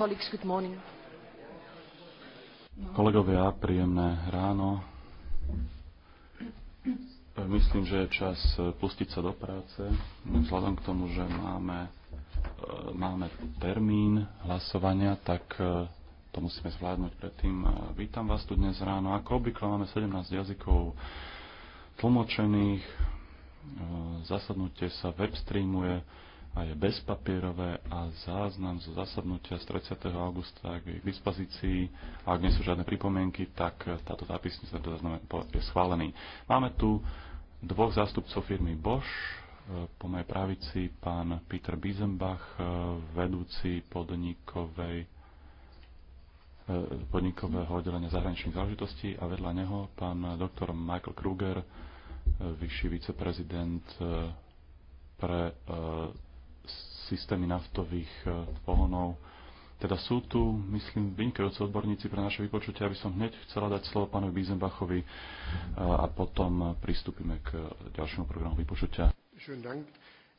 Colleagues, good morning. Kolegovia, príjemné ráno. Myslím, že je čas eh, pustiť sa do práce. Vzhľadom k tomu, že máme, eh, máme termín hlasovania, tak eh, to musíme zvládnuť predtým. Vítam vás tu dnes ráno. Ako obvykle máme 17 jazykov tlmočených. Zasadnutie sa web streamuje a je bezpapierové a záznam zo zasadnutia z 30. augusta je k dispozícii a ak nie sú žiadne pripomienky, tak táto zápisnica teda je schválený. Máme tu dvoch zástupcov firmy Bosch, po mojej pravici pán Peter Bizenbach, vedúci podnikovej eh, podnikového oddelenia zahraničných záležitostí a vedľa neho pán doktor Michael Kruger, eh, vyšší viceprezident eh, pre systémy naftových e, pohonov. Teda sú tu, myslím, vynikajúci odborníci pre naše vypočutie, aby som hneď chcela dať slovo pánovi Biesenbachovi e, a potom pristúpime k ďalšiemu programu vypočutia.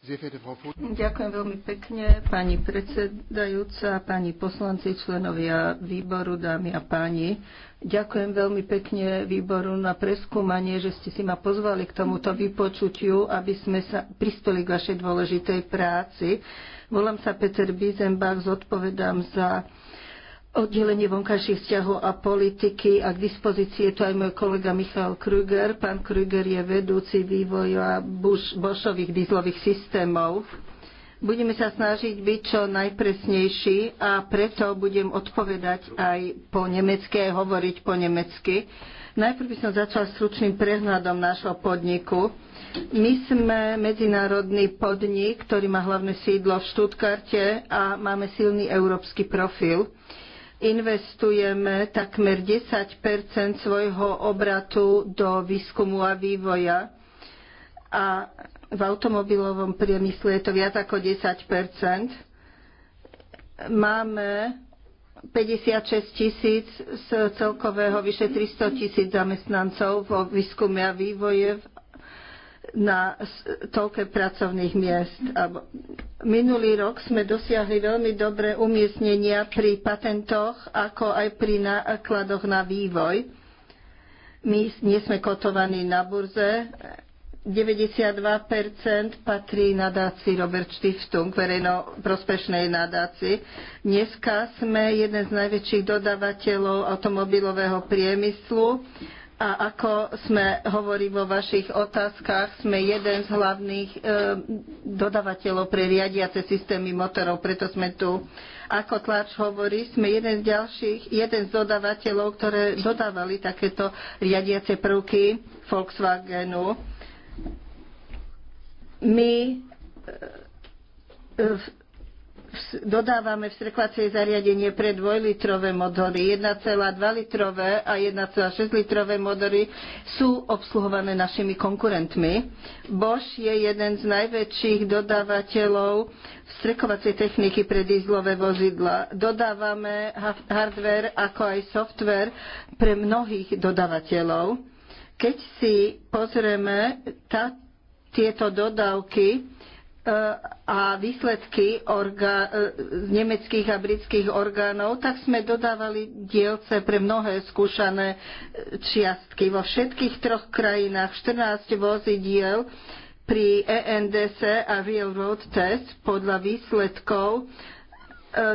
Ďakujem veľmi pekne, pani predsedajúca, pani poslanci, členovia výboru, dámy a páni. Ďakujem veľmi pekne výboru na preskúmanie, že ste si ma pozvali k tomuto vypočutiu, aby sme sa pristoli k vašej dôležitej práci. Volám sa Peter Bizenbach, zodpovedám za oddelenie vonkajších vzťahov a politiky a k dispozícii je tu aj môj kolega Michal Krüger. Pán Krüger je vedúci vývoja Bošových dízlových systémov. Budeme sa snažiť byť čo najpresnejší a preto budem odpovedať aj po nemecky, aj hovoriť po nemecky. Najprv by som začal stručným prehľadom nášho podniku. My sme medzinárodný podnik, ktorý má hlavné sídlo v Štutkarte a máme silný európsky profil investujeme takmer 10 svojho obratu do výskumu a vývoja a v automobilovom priemysle je to viac ako 10 Máme 56 tisíc z celkového vyše 300 tisíc zamestnancov vo výskume a vývoje v na toľke pracovných miest. Minulý rok sme dosiahli veľmi dobré umiestnenia pri patentoch, ako aj pri nákladoch na vývoj. My nie sme kotovaní na burze. 92% patrí nadáci Robert Stiftung, verejno prospešnej nadáci. Dneska sme jeden z najväčších dodávateľov automobilového priemyslu a ako sme hovorí vo vašich otázkach, sme jeden z hlavných e, dodavateľov pre riadiace systémy motorov, preto sme tu. Ako tlač hovorí, sme jeden z ďalších, jeden z dodavateľov, ktoré dodávali takéto riadiace prvky Volkswagenu. My e, e, dodávame vstrekovacie zariadenie pre dvojlitrové motory. 1,2 litrové a 1,6 litrové motory sú obsluhované našimi konkurentmi. Bosch je jeden z najväčších dodávateľov strekovacej techniky pre dízlové vozidla. Dodávame hardware ako aj software pre mnohých dodávateľov. Keď si pozrieme tá, tieto dodávky, a výsledky orga- e, nemeckých a britských orgánov, tak sme dodávali dielce pre mnohé skúšané e, čiastky. Vo všetkých troch krajinách 14 vozidiel pri ENDC a Real Road Test podľa výsledkov e,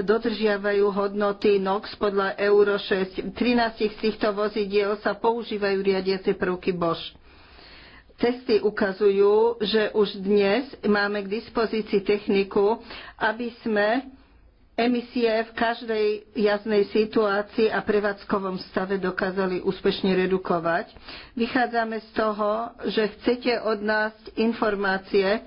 dodržiavajú hodnoty NOx podľa Euro 6. 13 z týchto vozidiel sa používajú riadiace prvky Bosch Cesty ukazujú, že už dnes máme k dispozícii techniku, aby sme emisie v každej jasnej situácii a prevádzkovom stave dokázali úspešne redukovať. Vychádzame z toho, že chcete od nás informácie,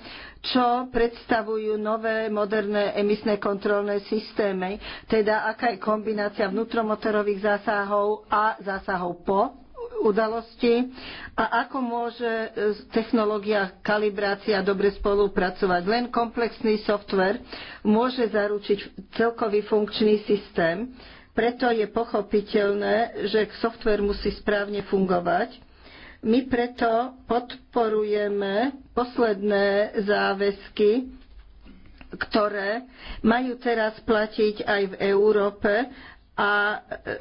čo predstavujú nové moderné emisné kontrolné systémy, teda aká je kombinácia vnútromotorových zásahov a zásahov po udalosti a ako môže e, technológia kalibrácia dobre spolupracovať. Len komplexný software môže zaručiť celkový funkčný systém, preto je pochopiteľné, že software musí správne fungovať. My preto podporujeme posledné záväzky ktoré majú teraz platiť aj v Európe a e, e,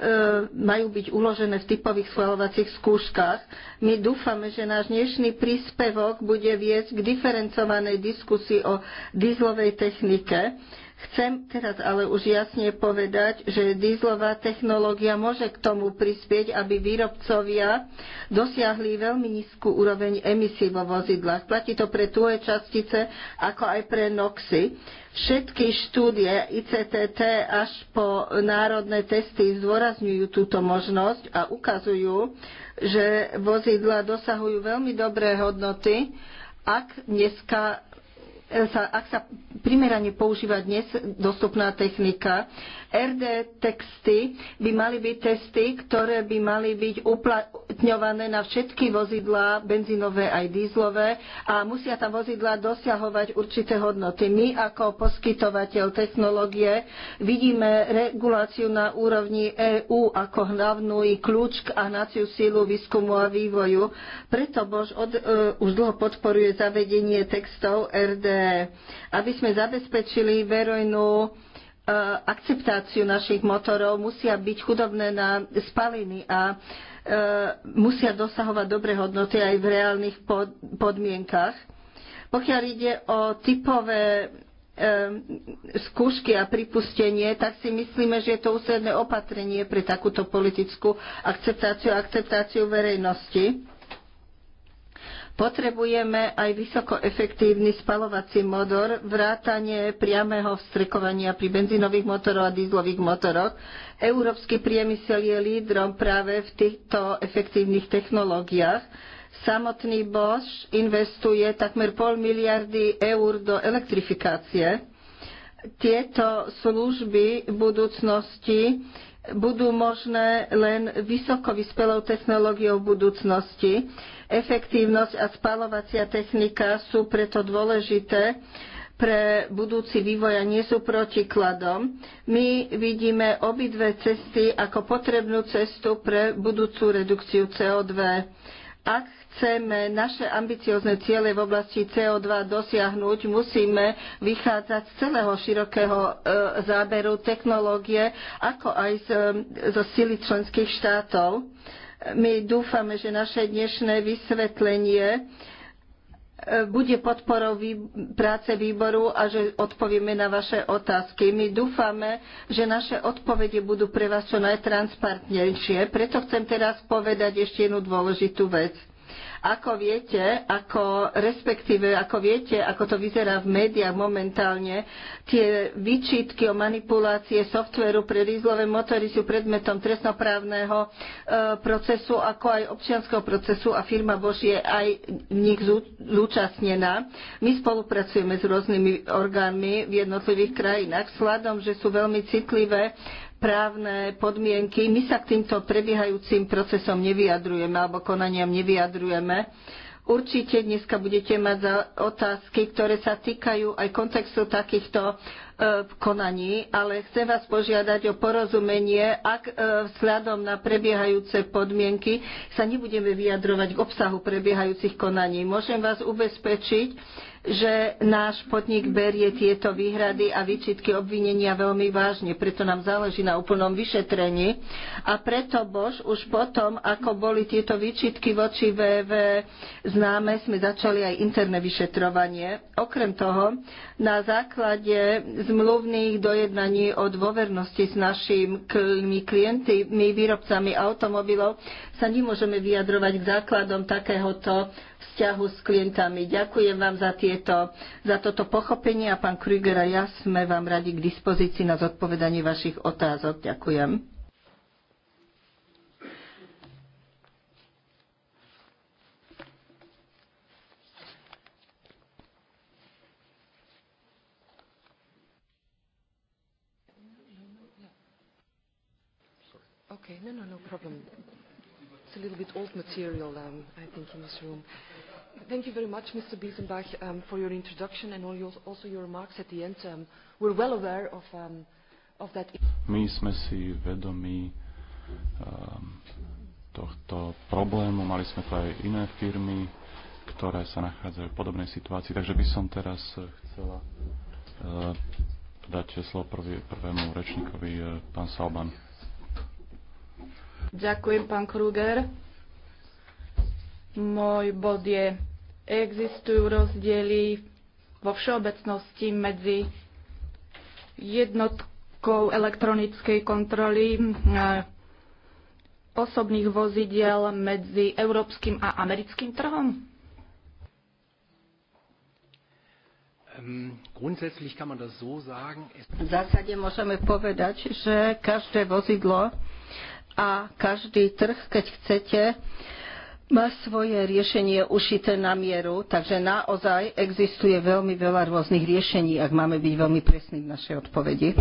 majú byť uložené v typových schvalovacích skúškach. My dúfame, že náš dnešný príspevok bude viesť k diferencovanej diskusii o dízlovej technike. Chcem teraz ale už jasne povedať, že dízlová technológia môže k tomu prispieť, aby výrobcovia dosiahli veľmi nízku úroveň emisí vo vozidlách. Platí to pre tuhé častice, ako aj pre NOXy. Všetky štúdie ICTT až po národné testy zdôrazňujú túto možnosť a ukazujú, že vozidla dosahujú veľmi dobré hodnoty, ak dneska E, sa, ak sa primerane používa dnes dostupná technika. RD texty by mali byť testy, ktoré by mali byť uplatňované na všetky vozidlá, benzínové aj dízlové a musia tam vozidlá dosiahovať určité hodnoty. My ako poskytovateľ technológie vidíme reguláciu na úrovni EÚ ako hlavnú i kľúč k hnaciu sílu výskumu a vývoju. Preto Bož od, uh, už dlho podporuje zavedenie textov RD aby sme zabezpečili verejnú e, akceptáciu našich motorov, musia byť chudobné na spaliny a e, musia dosahovať dobre hodnoty aj v reálnych podmienkach. Pokiaľ ide o typové e, skúšky a pripustenie, tak si myslíme, že je to úsledné opatrenie pre takúto politickú akceptáciu a akceptáciu verejnosti. Potrebujeme aj vysoko efektívny spalovací motor, vrátanie priameho vstrekovania pri benzínových motoroch a dízlových motoroch. Európsky priemysel je lídrom práve v týchto efektívnych technológiách. Samotný Bosch investuje takmer pol miliardy eur do elektrifikácie. Tieto služby v budúcnosti budú možné len vysoko vyspelou technológiou v budúcnosti. Efektívnosť a spalovacia technika sú preto dôležité pre budúci vývoj a nie sú protikladom. My vidíme obidve cesty ako potrebnú cestu pre budúcu redukciu CO2. Ak chceme naše ambiciozne ciele v oblasti CO2 dosiahnuť, musíme vychádzať z celého širokého e, záberu technológie, ako aj e, zo sily členských štátov. My dúfame, že naše dnešné vysvetlenie e, bude podporou práce výboru a že odpovieme na vaše otázky. My dúfame, že naše odpovede budú pre vás čo najtransparentnejšie. Preto chcem teraz povedať ešte jednu dôležitú vec ako viete, ako respektíve, ako viete, ako to vyzerá v médiách momentálne, tie výčitky o manipulácie softveru pre rýzlové motory sú predmetom trestnoprávneho e, procesu, ako aj občianského procesu a firma Bož je aj v nich zúčastnená. My spolupracujeme s rôznymi orgánmi v jednotlivých krajinách s hľadom, že sú veľmi citlivé právne podmienky. My sa k týmto prebiehajúcim procesom nevyjadrujeme alebo konaniam nevyjadrujeme. Určite dneska budete mať otázky, ktoré sa týkajú aj kontextu takýchto e, konaní, ale chcem vás požiadať o porozumenie, ak e, vzhľadom na prebiehajúce podmienky sa nebudeme vyjadrovať k obsahu prebiehajúcich konaní. Môžem vás ubezpečiť, že náš podnik berie tieto výhrady a výčitky obvinenia veľmi vážne. Preto nám záleží na úplnom vyšetrení. A preto Bož už potom, ako boli tieto výčitky voči VV známe, sme začali aj interné vyšetrovanie. Okrem toho, na základe zmluvných dojednaní o dôvernosti s našimi klienty, výrobcami automobilov, sa nemôžeme vyjadrovať k základom takéhoto vzťahu s klientami. Ďakujem vám za, tieto, za toto pochopenie a pán Krüger a ja sme vám radi k dispozícii na zodpovedanie vašich otázok. Ďakujem. Okay, no, no, no problem. It's a little bit old material, um, I think, in this room. Thank you very much, Mr. Biesenbach, um, for your introduction and all your, also your remarks at the end. Um, we're well aware of, um, of that. My sme si vedomi um, tohto problému. Mali sme tu aj iné firmy, ktoré sa nachádzajú v podobnej situácii. Takže by som teraz eh, chcela uh, dať slovo prvému rečníkovi, uh, pán Salban. Ďakujem, pán Kruger. Môj bod je, existujú rozdiely vo všeobecnosti medzi jednotkou elektronickej kontroly eh, osobných vozidiel medzi európskym a americkým trhom? V zásade môžeme povedať, že každé vozidlo a každý trh, keď chcete, má svoje riešenie ušité na mieru, takže naozaj existuje veľmi veľa rôznych riešení, ak máme byť veľmi presní v našej odpovedi.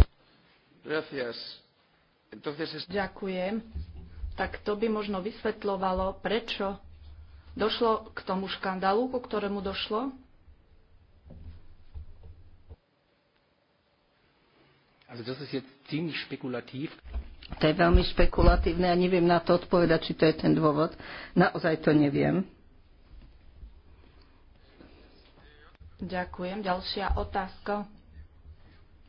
Ďakujem. Tak to by možno vysvetľovalo, prečo došlo k tomu škandálu, ku ktorému došlo. Also das ist jetzt ziemlich spekulativ. To je veľmi špekulatívne a neviem na to odpovedať, či to je ten dôvod. Naozaj to neviem. Ďakujem. Ďalšia otázka.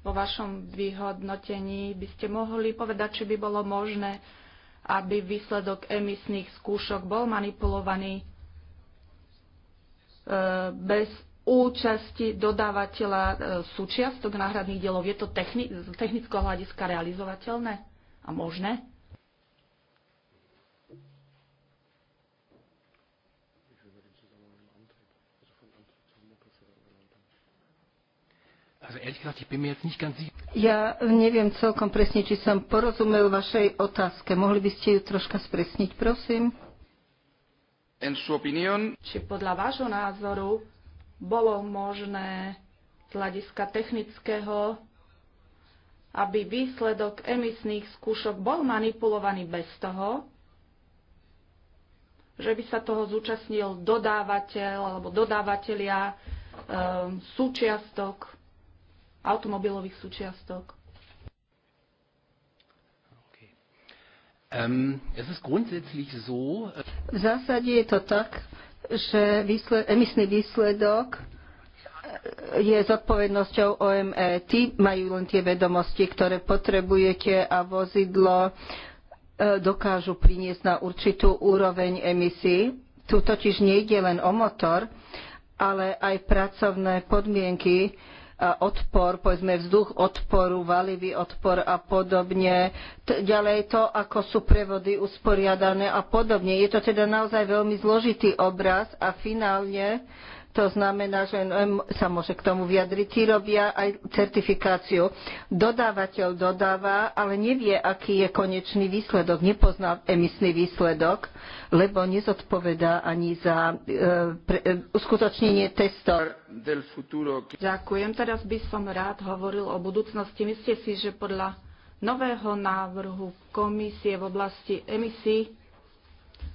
Po vašom vyhodnotení by ste mohli povedať, či by bolo možné, aby výsledok emisných skúšok bol manipulovaný e, bez účasti dodávateľa e, súčiastok náhradných dielov. Je to techni- z technického hľadiska realizovateľné? a možné? Ja neviem celkom presne, či som porozumel vašej otázke. Mohli by ste ju troška spresniť, prosím? En su opinión... Či podľa vášho názoru bolo možné z hľadiska technického aby výsledok emisných skúšok bol manipulovaný bez toho, že by sa toho zúčastnil dodávateľ alebo dodávateľia e, súčiastok, automobilových súčiastok. Ehm, äh v zásade je to tak, že výsled, emisný výsledok je zodpovednosťou OME. Tí majú len tie vedomosti, ktoré potrebujete a vozidlo e, dokážu priniesť na určitú úroveň emisí. Tu totiž nejde len o motor, ale aj pracovné podmienky, odpor, povedzme vzduch odporu, valivý odpor a podobne. ďalej to, ako sú prevody usporiadané a podobne. Je to teda naozaj veľmi zložitý obraz a finálne uh, to znamená, že NOM sa môže k tomu vyjadriť. Tí robia aj certifikáciu. Dodávateľ dodáva, ale nevie, aký je konečný výsledok. Nepozná emisný výsledok, lebo nezodpovedá ani za e, pre, e, uskutočnenie testov. Ďakujem. Teraz by som rád hovoril o budúcnosti. Myslíte si, že podľa nového návrhu komisie v oblasti emisí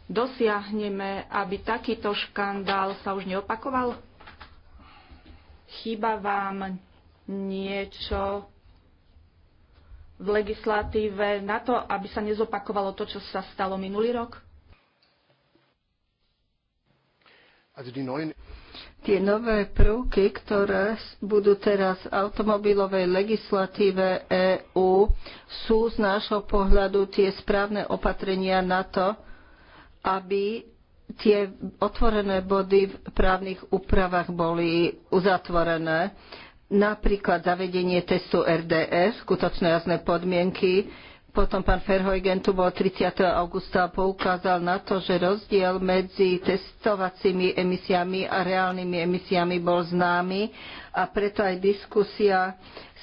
dosiahneme, aby takýto škandál sa už neopakoval? Chýba vám niečo v legislatíve na to, aby sa nezopakovalo to, čo sa stalo minulý rok? Tie nové prvky, ktoré budú teraz v automobilovej legislatíve EÚ, sú z nášho pohľadu tie správne opatrenia na to, aby tie otvorené body v právnych úpravách boli uzatvorené. Napríklad zavedenie testu RDS, skutočné jasné podmienky. Potom pán Ferhojgen tu bol 30. augusta a poukázal na to, že rozdiel medzi testovacími emisiami a reálnymi emisiami bol známy a preto aj diskusia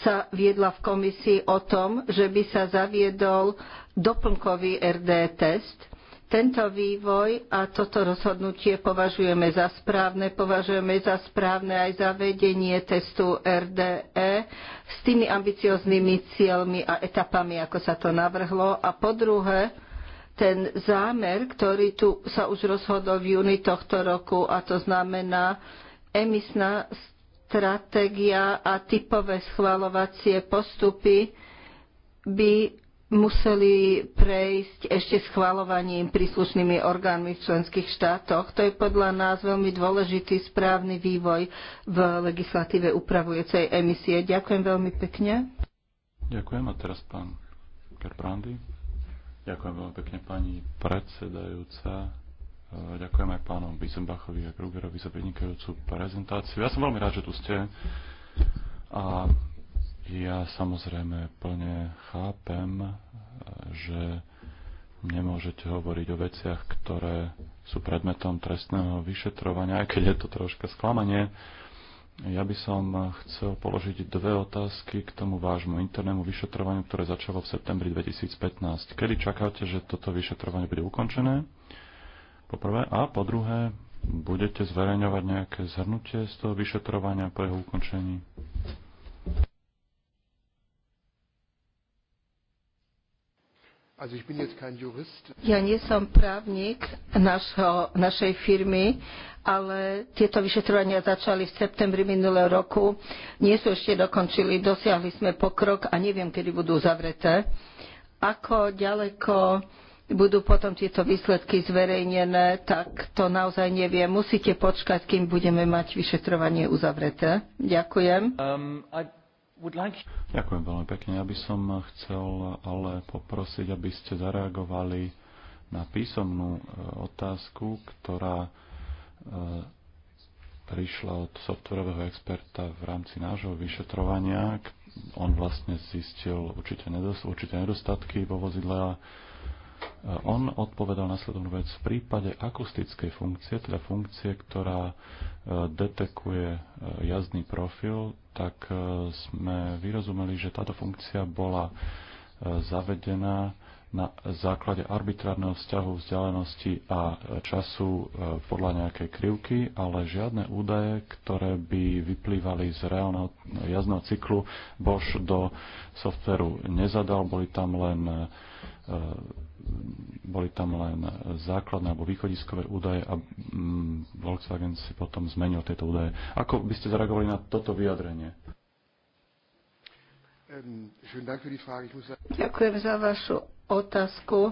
sa viedla v komisii o tom, že by sa zaviedol doplnkový RD test tento vývoj a toto rozhodnutie považujeme za správne. Považujeme za správne aj zavedenie testu RDE s tými ambicioznými cieľmi a etapami, ako sa to navrhlo. A po druhé, ten zámer, ktorý tu sa už rozhodol v júni tohto roku, a to znamená emisná stratégia a typové schvalovacie postupy by museli prejsť ešte schvalovaním príslušnými orgánmi v členských štátoch. To je podľa nás veľmi dôležitý správny vývoj v legislatíve upravujúcej emisie. Ďakujem veľmi pekne. Ďakujem a teraz pán Gerbrandy. Ďakujem veľmi pekne pani predsedajúca. E, ďakujem aj pánom Bisenbachovi a Krugerovi za vynikajúcu prezentáciu. Ja som veľmi rád, že tu ste. A ja samozrejme plne chápem, eh, že nemôžete hovoriť o veciach, ktoré sú predmetom trestného vyšetrovania, aj keď je to troška sklamanie. Ja by som chcel položiť dve otázky k tomu vášmu internému vyšetrovaniu, ktoré začalo v septembri 2015. Kedy čakáte, že toto vyšetrovanie bude ukončené? Po prvé. A po druhé, budete zverejňovať nejaké zhrnutie z toho vyšetrovania po jeho ukončení? Ja nie som právnik našho, našej firmy, ale tieto vyšetrovania začali v septembri minulého roku. Nie sú ešte dokončili, dosiahli sme pokrok a neviem, kedy budú zavreté. Ako ďaleko budú potom tieto výsledky zverejnené, tak to naozaj neviem. Musíte počkať, kým budeme mať vyšetrovanie uzavreté. Ďakujem. Um, I... Ďakujem veľmi pekne. Ja by som chcel ale poprosiť, aby ste zareagovali na písomnú e, otázku, ktorá e, prišla od softverového experta v rámci nášho vyšetrovania. On vlastne zistil určité nedostatky vo vozidle a on odpovedal nasledovnú vec. V prípade akustickej funkcie, teda funkcie, ktorá e, detekuje e, jazdný profil, tak e, sme vyrozumeli, že táto funkcia bola zavedená na základe arbitrárneho vzťahu vzdialenosti a času podľa nejakej krivky, ale žiadne údaje, ktoré by vyplývali z reálneho jazdného cyklu, Bož do softveru nezadal, boli tam len boli tam len základné alebo východiskové údaje a mm, Volkswagen si potom zmenil tieto údaje. Ako by ste zareagovali na toto vyjadrenie? Ďakujem za vašu otázku,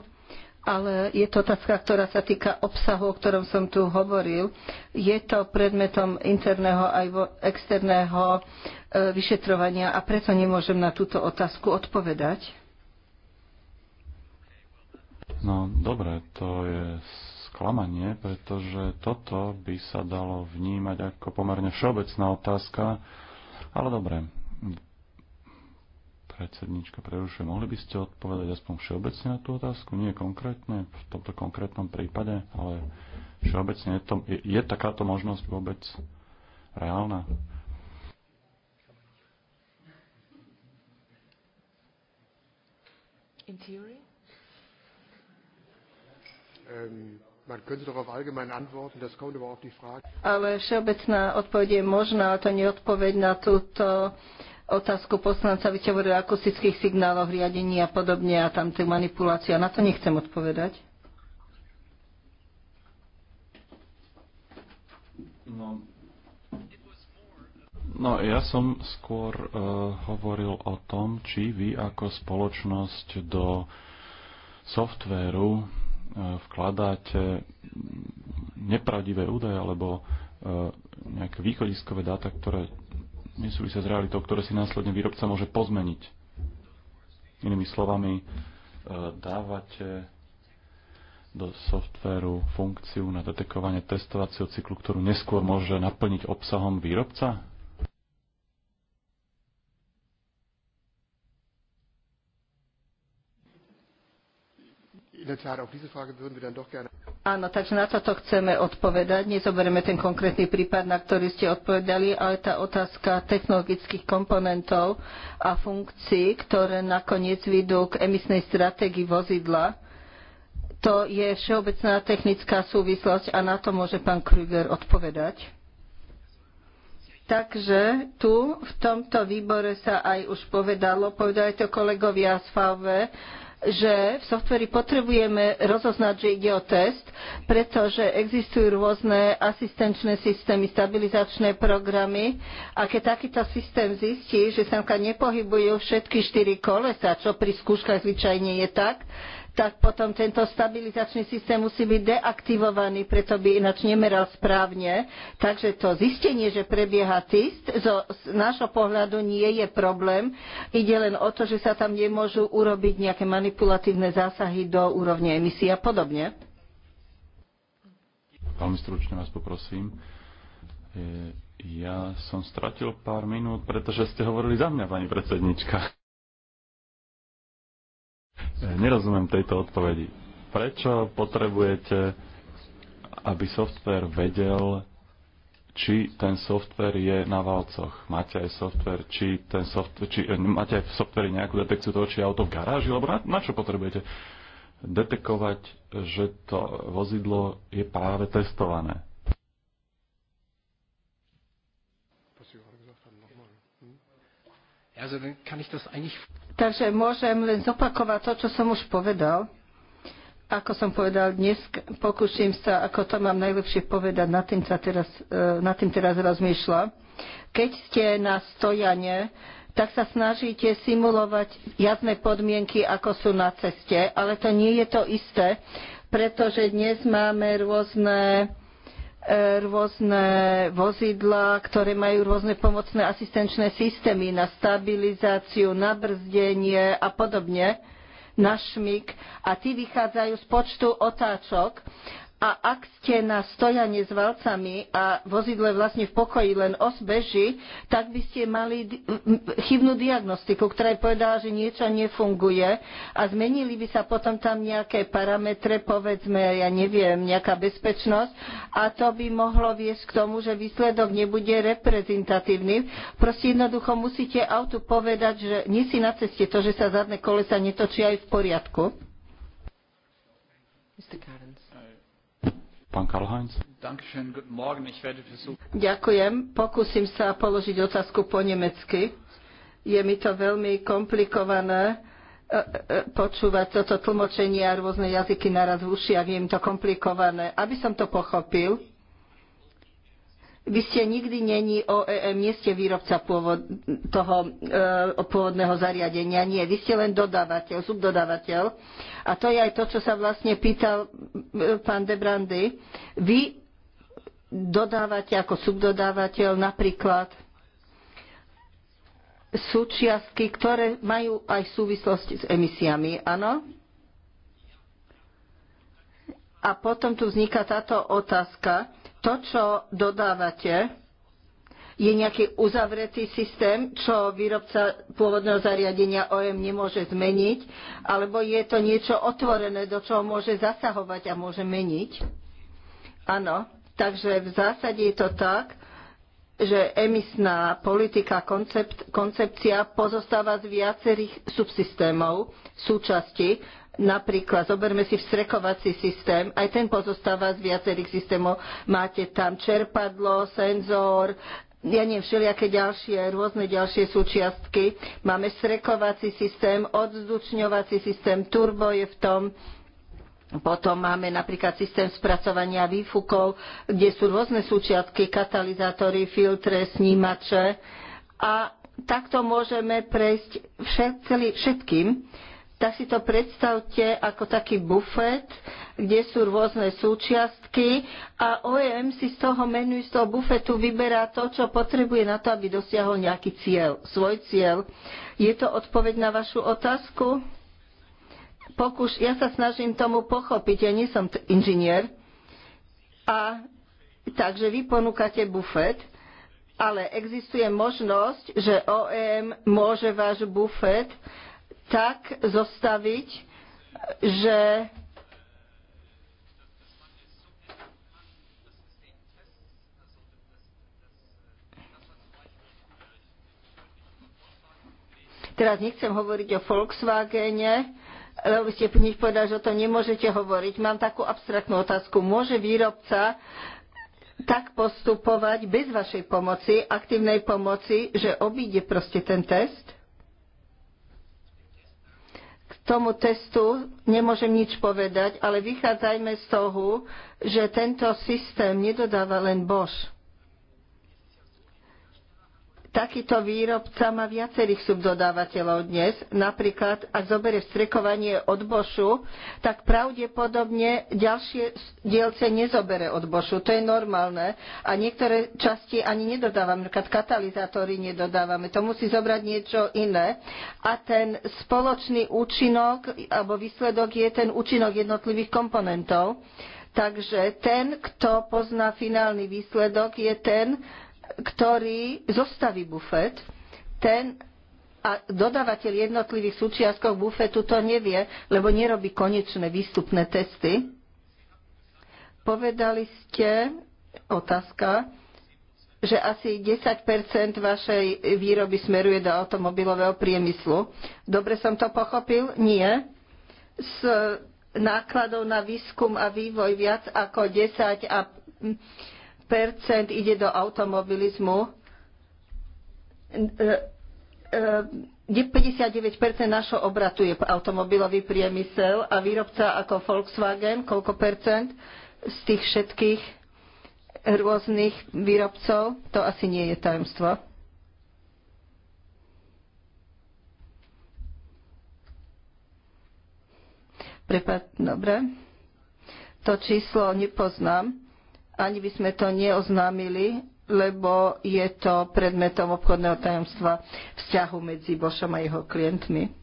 ale je to otázka, ktorá sa týka obsahu, o ktorom som tu hovoril. Je to predmetom interného aj externého e, vyšetrovania a preto nemôžem na túto otázku odpovedať. No dobre, to je sklamanie, pretože toto by sa dalo vnímať ako pomerne všeobecná otázka, ale dobre, predsednička prerušuje. Mohli by ste odpovedať aspoň všeobecne na tú otázku? Nie konkrétne, v tomto konkrétnom prípade, ale všeobecne. Je, to, je, je takáto možnosť vôbec reálna? In theory? Ähm, ale všeobecná odpoveď je možná, ale to nie je odpoveď na túto otázku poslanca. Vy ste hovorili o akustických signáloch, riadení a podobne a tam tú manipuláciu. A na to nechcem odpovedať. No, No, ja som skôr uh, hovoril o tom, či vy ako spoločnosť do softvéru E, vkladať nepravdivé údaje alebo e, nejaké východiskové dáta, ktoré nesúvisia s realitou, ktoré si následne výrobca môže pozmeniť. Inými slovami, e, dávate do softvéru funkciu na detekovanie testovacieho cyklu, ktorú neskôr môže naplniť obsahom výrobca? Áno, takže na toto chceme odpovedať. Nezoberieme ten konkrétny prípad, na ktorý ste odpovedali, ale tá otázka technologických komponentov a funkcií, ktoré nakoniec vidú k emisnej stratégii vozidla, to je všeobecná technická súvislosť a na to môže pán Kruger odpovedať. Takže tu v tomto výbore sa aj už povedalo, povedali to kolegovia z FAV, že v softveri potrebujeme rozoznať, že ide o test, pretože existujú rôzne asistenčné systémy, stabilizačné programy a keď takýto systém zistí, že sa nepohybujú všetky štyri kolesa, čo pri skúškach zvyčajne je tak, tak potom tento stabilizačný systém musí byť deaktivovaný, preto by ináč nemeral správne. Takže to zistenie, že prebieha cist, zo, z nášho pohľadu nie je problém. Ide len o to, že sa tam nemôžu urobiť nejaké manipulatívne zásahy do úrovne emisí a podobne. Veľmi stručne vás poprosím. E, ja som stratil pár minút, pretože ste hovorili za mňa, pani predsednička. Nerozumiem tejto odpovedi. Prečo potrebujete, aby software vedel, či ten software je na valcoch. Máte aj software, či ten software, či, eh, máte aj v software nejakú detekciu toho, či je auto v garáži, alebo na, na čo potrebujete? Detekovať, že to vozidlo je práve testované. Also dann kann ich das eigentlich Takže môžem len zopakovať to, čo som už povedal. Ako som povedal dnes, pokúsim sa, ako to mám najlepšie povedať, nad tým, sa teraz, e, nad tým teraz rozmýšľam. Keď ste na stojane, tak sa snažíte simulovať jazdné podmienky, ako sú na ceste, ale to nie je to isté, pretože dnes máme rôzne E, rôzne vozidlá, ktoré majú rôzne pomocné asistenčné systémy na stabilizáciu, na brzdenie a podobne na šmik a tí vychádzajú z počtu otáčok a ak ste na stojane s valcami a vozidlo vlastne v pokoji, len os beží, tak by ste mali chybnú diagnostiku, ktorá je povedala, že niečo nefunguje a zmenili by sa potom tam nejaké parametre, povedzme, ja neviem, nejaká bezpečnosť a to by mohlo viesť k tomu, že výsledok nebude reprezentatívny. Proste jednoducho musíte autu povedať, že nie si na ceste to, že sa zadné kolesa netočia aj v poriadku. Mr. Karens. Pán Karl-Heinz. Ďakujem. Pokúsim sa položiť otázku po nemecky. Je mi to veľmi komplikované e, e, počúvať toto tlmočenie a rôzne jazyky naraz v a Je mi to komplikované. Aby som to pochopil, vy ste nikdy není OEM, nie ste výrobca pôvod, toho e, pôvodného zariadenia, nie. Vy ste len dodávateľ, subdodávateľ. A to je aj to, čo sa vlastne pýtal e, pán De Brandy. Vy dodávate ako subdodávateľ napríklad súčiastky, ktoré majú aj súvislosti s emisiami, áno? A potom tu vzniká táto otázka, to, čo dodávate, je nejaký uzavretý systém, čo výrobca pôvodného zariadenia OM nemôže zmeniť, alebo je to niečo otvorené, do čoho môže zasahovať a môže meniť? Áno, takže v zásade je to tak, že emisná politika, koncept, koncepcia pozostáva z viacerých subsystémov, súčasti Napríklad, zoberme si vstrekovací systém, aj ten pozostáva z viacerých systémov. Máte tam čerpadlo, senzor, ja neviem, všelijaké ďalšie, rôzne ďalšie súčiastky. Máme strekovací systém, odzdučňovací systém, turbo je v tom, potom máme napríklad systém spracovania výfukov, kde sú rôzne súčiastky, katalizátory, filtre, snímače. A takto môžeme prejsť všet, celý, všetkým tak si to predstavte ako taký bufet, kde sú rôzne súčiastky a OEM si z toho menu, z toho bufetu vyberá to, čo potrebuje na to, aby dosiahol nejaký cieľ, svoj cieľ. Je to odpoveď na vašu otázku? Pokuš, ja sa snažím tomu pochopiť, ja nie som inžinier. A takže vy ponúkate bufet, ale existuje možnosť, že OEM môže váš bufet tak zostaviť, že Teraz nechcem hovoriť o Volkswagene, lebo ste hneď povedali, že o tom nemôžete hovoriť. Mám takú abstraktnú otázku. Môže výrobca tak postupovať bez vašej pomoci, aktívnej pomoci, že obíde proste ten test? tomu testu nemôžem nič povedať, ale vychádzajme z toho, že tento systém nedodáva len Bož. Takýto výrobca má viacerých subdodávateľov dnes. Napríklad, ak zoberie strekovanie od Bošu, tak pravdepodobne ďalšie dielce nezobere od Bošu. To je normálne. A niektoré časti ani nedodávame. Napríklad katalizátory nedodávame. To musí zobrať niečo iné. A ten spoločný účinok alebo výsledok je ten účinok jednotlivých komponentov. Takže ten, kto pozná finálny výsledok, je ten, ktorý zostaví bufet, ten a dodávateľ jednotlivých súčiastkov bufetu to nevie, lebo nerobí konečné výstupné testy. Povedali ste, otázka, že asi 10 vašej výroby smeruje do automobilového priemyslu. Dobre som to pochopil? Nie. S nákladov na výskum a vývoj viac ako 10 a ide do automobilizmu. 59% e, e, našho obratu je automobilový priemysel a výrobca ako Volkswagen, koľko percent z tých všetkých rôznych výrobcov, to asi nie je tajomstvo. Prepad, Dobre. To číslo nepoznám ani by sme to neoznámili, lebo je to predmetom obchodného tajomstva vzťahu medzi Bošom a jeho klientmi.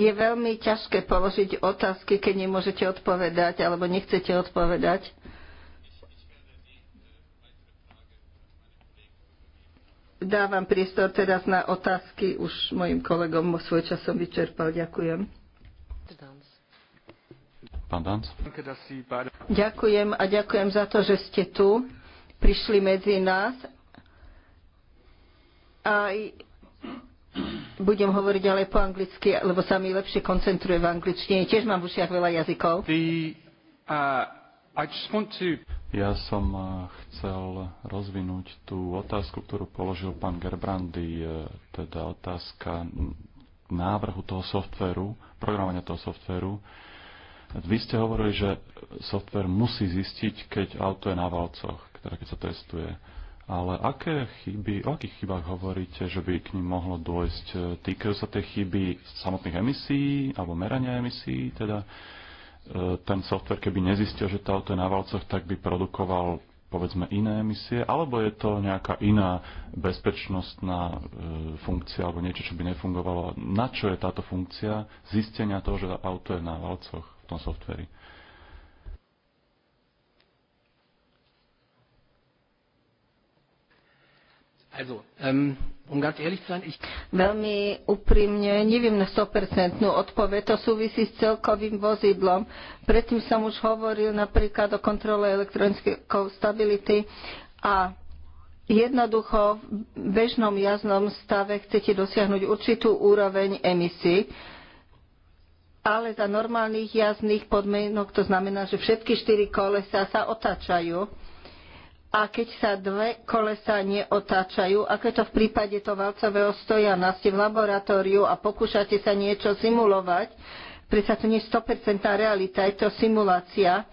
Je veľmi ťažké položiť otázky, keď nemôžete odpovedať alebo nechcete odpovedať. dávam priestor teraz na otázky už mojim kolegom, svoj čas som vyčerpal. Ďakujem. Pán Danc. Ďakujem a ďakujem za to, že ste tu, prišli medzi nás. A budem hovoriť ale po anglicky, lebo sa mi lepšie koncentruje v angličtine. Tiež mám v ušiach veľa jazykov. The, uh, I just want to... Ja som eh, chcel rozvinúť tú otázku, ktorú položil pán Gerbrandy, eh, teda otázka návrhu toho softveru, programovania toho softveru. Vy ste hovorili, že software musí zistiť, keď auto je na valcoch, teda keď sa testuje. Ale aké chyby, o akých chybách hovoríte, že by k ním mohlo dôjsť? Týkajú sa tie chyby samotných emisí alebo merania emisí, teda E, ten software, keby nezistil, že to auto je na valcoch, tak by produkoval povedzme iné emisie, alebo je to nejaká iná bezpečnostná e, funkcia alebo niečo, čo by nefungovalo. Na čo je táto funkcia zistenia toho, že auto je na valcoch v tom softveri? Ähm, um Veľmi úprimne, neviem na 100% odpoveď, to súvisí s celkovým vozidlom. Predtým som už hovoril napríklad o kontrole elektronickej stability a jednoducho v bežnom jazdnom stave chcete dosiahnuť určitú úroveň emisí, ale za normálnych jazdných podmienok to znamená, že všetky štyri kolesa sa otáčajú a keď sa dve kolesa neotáčajú, ako je to v prípade to valcového stojana, ste v laboratóriu a pokúšate sa niečo simulovať, predsa to nie je 100% realita, je to simulácia.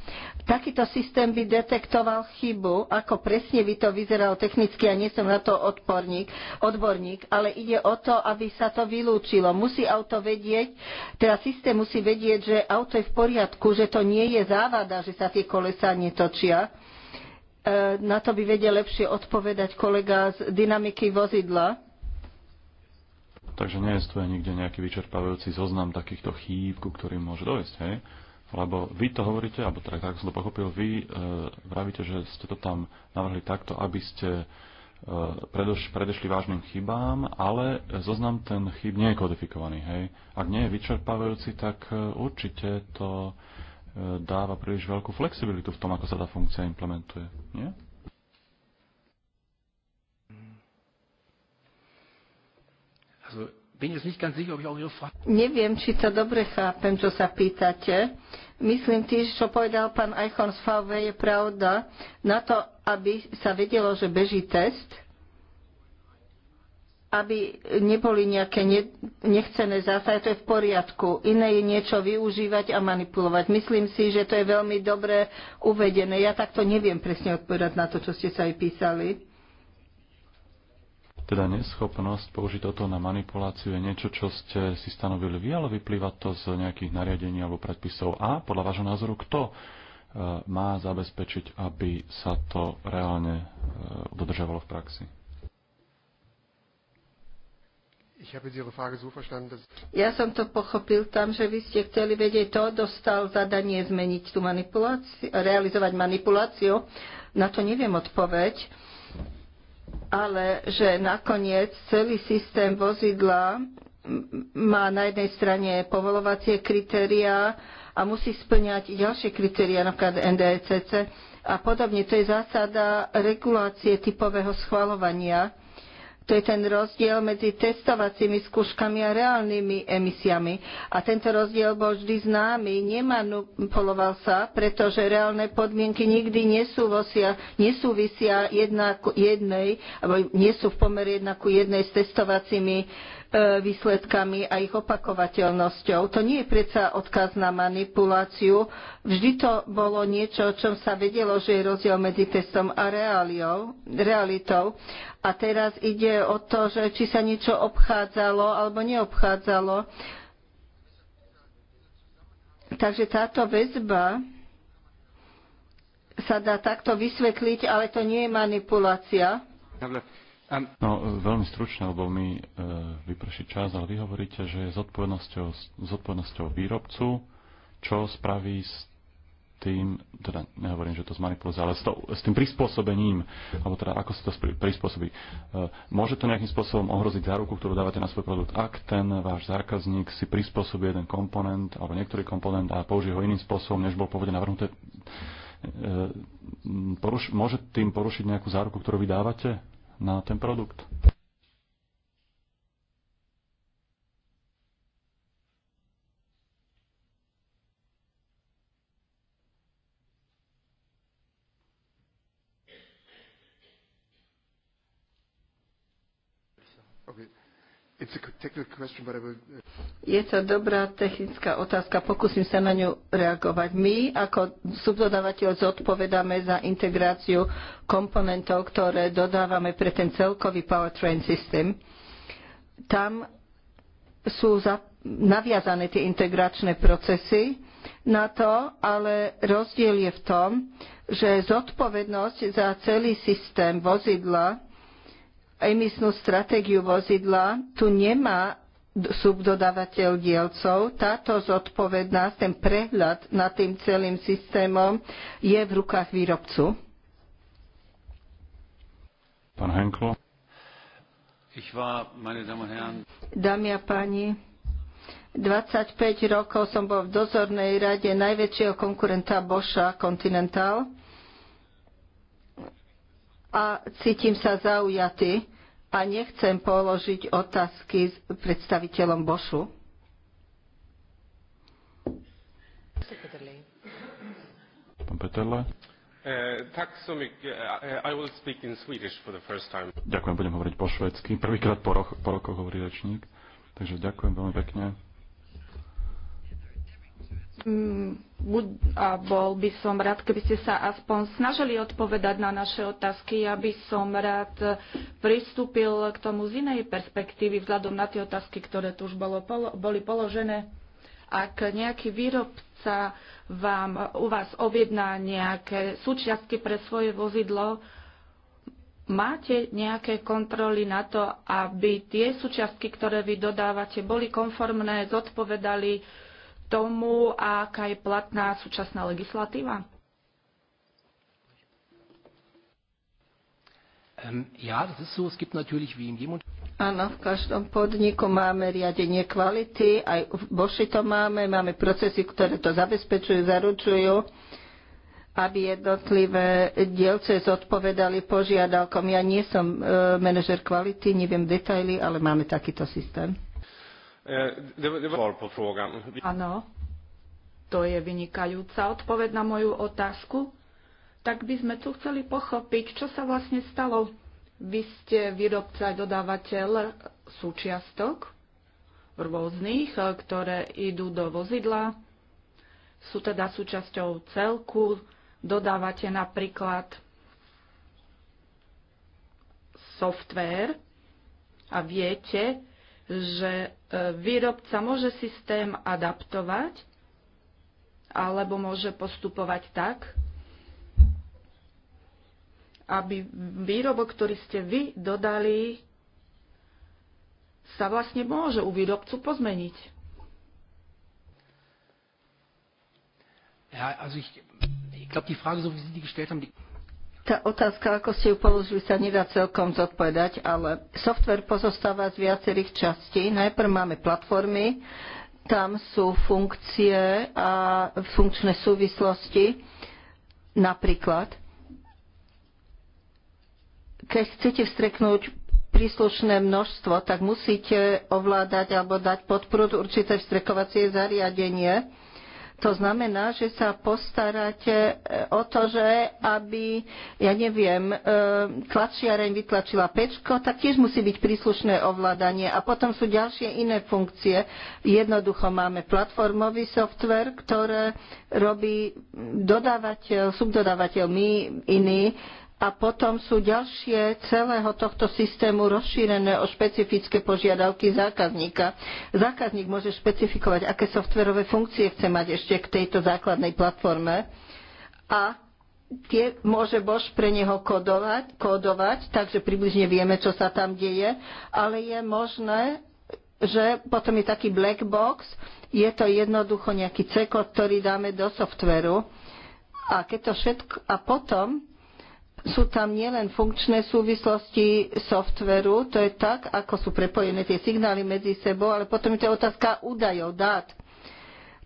Takýto systém by detektoval chybu, ako presne by to vyzeralo technicky, ja nie som na to odporník, odborník, ale ide o to, aby sa to vylúčilo. Musí auto vedieť, teda systém musí vedieť, že auto je v poriadku, že to nie je závada, že sa tie kolesa netočia na to by vedel lepšie odpovedať kolega z dynamiky vozidla. Takže nie je tu nikde nejaký vyčerpávajúci zoznam takýchto chýb, ku ktorým môže dojsť, hej? Lebo vy to hovoríte, alebo teda, tak, tak som to pochopil, vy e, vravíte, že ste to tam navrhli takto, aby ste e, predoš, predešli vážnym chybám, ale zoznam ten chyb nie je kodifikovaný, hej? Ak nie je vyčerpávajúci, tak e, určite to e, dáva príliš veľkú flexibilitu v tom, ako sa tá funkcia implementuje. Nie? Neviem, či to dobre chápem, čo sa pýtate. Myslím tiež, čo povedal pán Eichhorn z VV, e, je pravda. Na to, aby sa vedelo, že beží test, aby neboli nejaké nechcené zásahy, to je v poriadku. Iné je niečo využívať a manipulovať. Myslím si, že to je veľmi dobre uvedené. Ja takto neviem presne odpovedať na to, čo ste sa aj písali. Teda neschopnosť použiť toto na manipuláciu je niečo, čo ste si stanovili vy, ale vyplýva to z nejakých nariadení alebo predpisov. A podľa vášho názoru, kto e, má zabezpečiť, aby sa to reálne e, dodržovalo v praxi? Ja som to pochopil tam, že vy ste chceli vedieť to, dostal zadanie zmeniť tú manipuláciu, realizovať manipuláciu. Na to neviem odpoveď, ale že nakoniec celý systém vozidla má na jednej strane povolovacie kritériá a musí splňať ďalšie kritériá, napríklad NDCC e a podobne. To je zásada regulácie typového schvalovania to je ten rozdiel medzi testovacími skúškami a reálnymi emisiami. A tento rozdiel bol vždy známy, nemanipuloval sa, pretože reálne podmienky nikdy nesúvisia, nesúvisia jedna ku jednej, alebo nie sú v pomere jedna ku jednej s testovacími E, výsledkami a ich opakovateľnosťou. To nie je predsa odkaz na manipuláciu. Vždy to bolo niečo, o čom sa vedelo, že je rozdiel medzi testom a realitou. A teraz ide o to, že či sa niečo obchádzalo alebo neobchádzalo. Takže táto väzba sa dá takto vysvetliť, ale to nie je manipulácia. No, veľmi stručne, lebo mi e, vyprší čas, ale vy hovoríte, že je zodpovednosťou, výrobcu, čo spraví s tým, teda nehovorím, že to zmanipuluje, ale s, to, s tým prispôsobením, alebo teda ako sa to prispôsobí. E, môže to nejakým spôsobom ohroziť záruku, ktorú dávate na svoj produkt, ak ten váš zákazník si prispôsobí jeden komponent alebo niektorý komponent a použije ho iným spôsobom, než bol pôvodne navrhnuté. E, poruš, môže tým porušiť nejakú záruku, ktorú vy dávate? na ten produkt. Uh, je to dobrá technická otázka, pokúsim sa na ňu reagovať. My ako subdodávateľ zodpovedáme za integráciu komponentov, ktoré dodávame pre ten celkový powertrain systém. Tam sú naviazané tie integračné procesy na to, ale rozdiel je v tom, že zodpovednosť za celý systém vozidla emisnú stratégiu vozidla, tu nemá subdodávateľ dielcov. Táto zodpovednosť, ten prehľad nad tým celým systémom je v rukách výrobcu. Pán Henklo. Ich war, meine Damen Herren. Dámy a páni, 25 rokov som bol v dozornej rade najväčšieho konkurenta Boscha Continental a cítim sa zaujatý a nechcem položiť otázky s predstaviteľom Bošu. Pán Peterle. Eh, eh, ďakujem, budem hovoriť po švedsky. Prvýkrát po, roch, po rokoch hovorí rečník. Takže ďakujem veľmi pekne. Mm, a bol by som rád, keby ste sa aspoň snažili odpovedať na naše otázky. Ja by som rád pristúpil k tomu z inej perspektívy vzhľadom na tie otázky, ktoré tu už bolo, boli položené. Ak nejaký výrobca vám u vás objedná nejaké súčiastky pre svoje vozidlo, máte nejaké kontroly na to, aby tie súčiastky, ktoré vy dodávate, boli konformné, zodpovedali tomu, aká je platná súčasná legislatíva? Ähm, Áno, v každom podniku máme riadenie kvality, aj v Boši to máme, máme procesy, ktoré to zabezpečujú, zaručujú, aby jednotlivé dielce zodpovedali požiadavkom. Ja nie som e, manažer kvality, neviem detaily, ale máme takýto systém. Áno, eh, to je vynikajúca odpoveď na moju otázku. Tak by sme tu chceli pochopiť, čo sa vlastne stalo. Vy ste výrobca a dodávateľ súčiastok rôznych, eh, ktoré idú do vozidla, sú teda súčasťou celku, dodávate napríklad software a viete, že e, výrobca môže systém adaptovať alebo môže postupovať tak, aby výrobok, ktorý ste vy dodali, sa vlastne môže u výrobcu pozmeniť. Ja, also ich, ich glaube, die Frage, so wie Sie die gestellt haben, die tá otázka, ako ste ju položili, sa nedá celkom zodpovedať, ale software pozostáva z viacerých častí. Najprv máme platformy, tam sú funkcie a funkčné súvislosti. Napríklad, keď chcete vstreknúť príslušné množstvo, tak musíte ovládať alebo dať pod prúd určité vstrekovacie zariadenie to znamená, že sa postaráte e, o to, že aby, ja neviem, e, tlačiareň vytlačila pečko, tak tiež musí byť príslušné ovládanie. A potom sú ďalšie iné funkcie. Jednoducho máme platformový software, ktoré robí dodávateľ, subdodávateľ my, iný, a potom sú ďalšie celého tohto systému rozšírené o špecifické požiadavky zákazníka. Zákazník môže špecifikovať, aké softverové funkcie chce mať ešte k tejto základnej platforme a tie môže Bož pre neho kodovať, kódovať, takže približne vieme, čo sa tam deje, ale je možné, že potom je taký black box, je to jednoducho nejaký cekot, ktorý dáme do softveru a, keď to všetko, a potom sú tam nielen funkčné súvislosti softveru, to je tak, ako sú prepojené tie signály medzi sebou, ale potom je to otázka údajov, dát.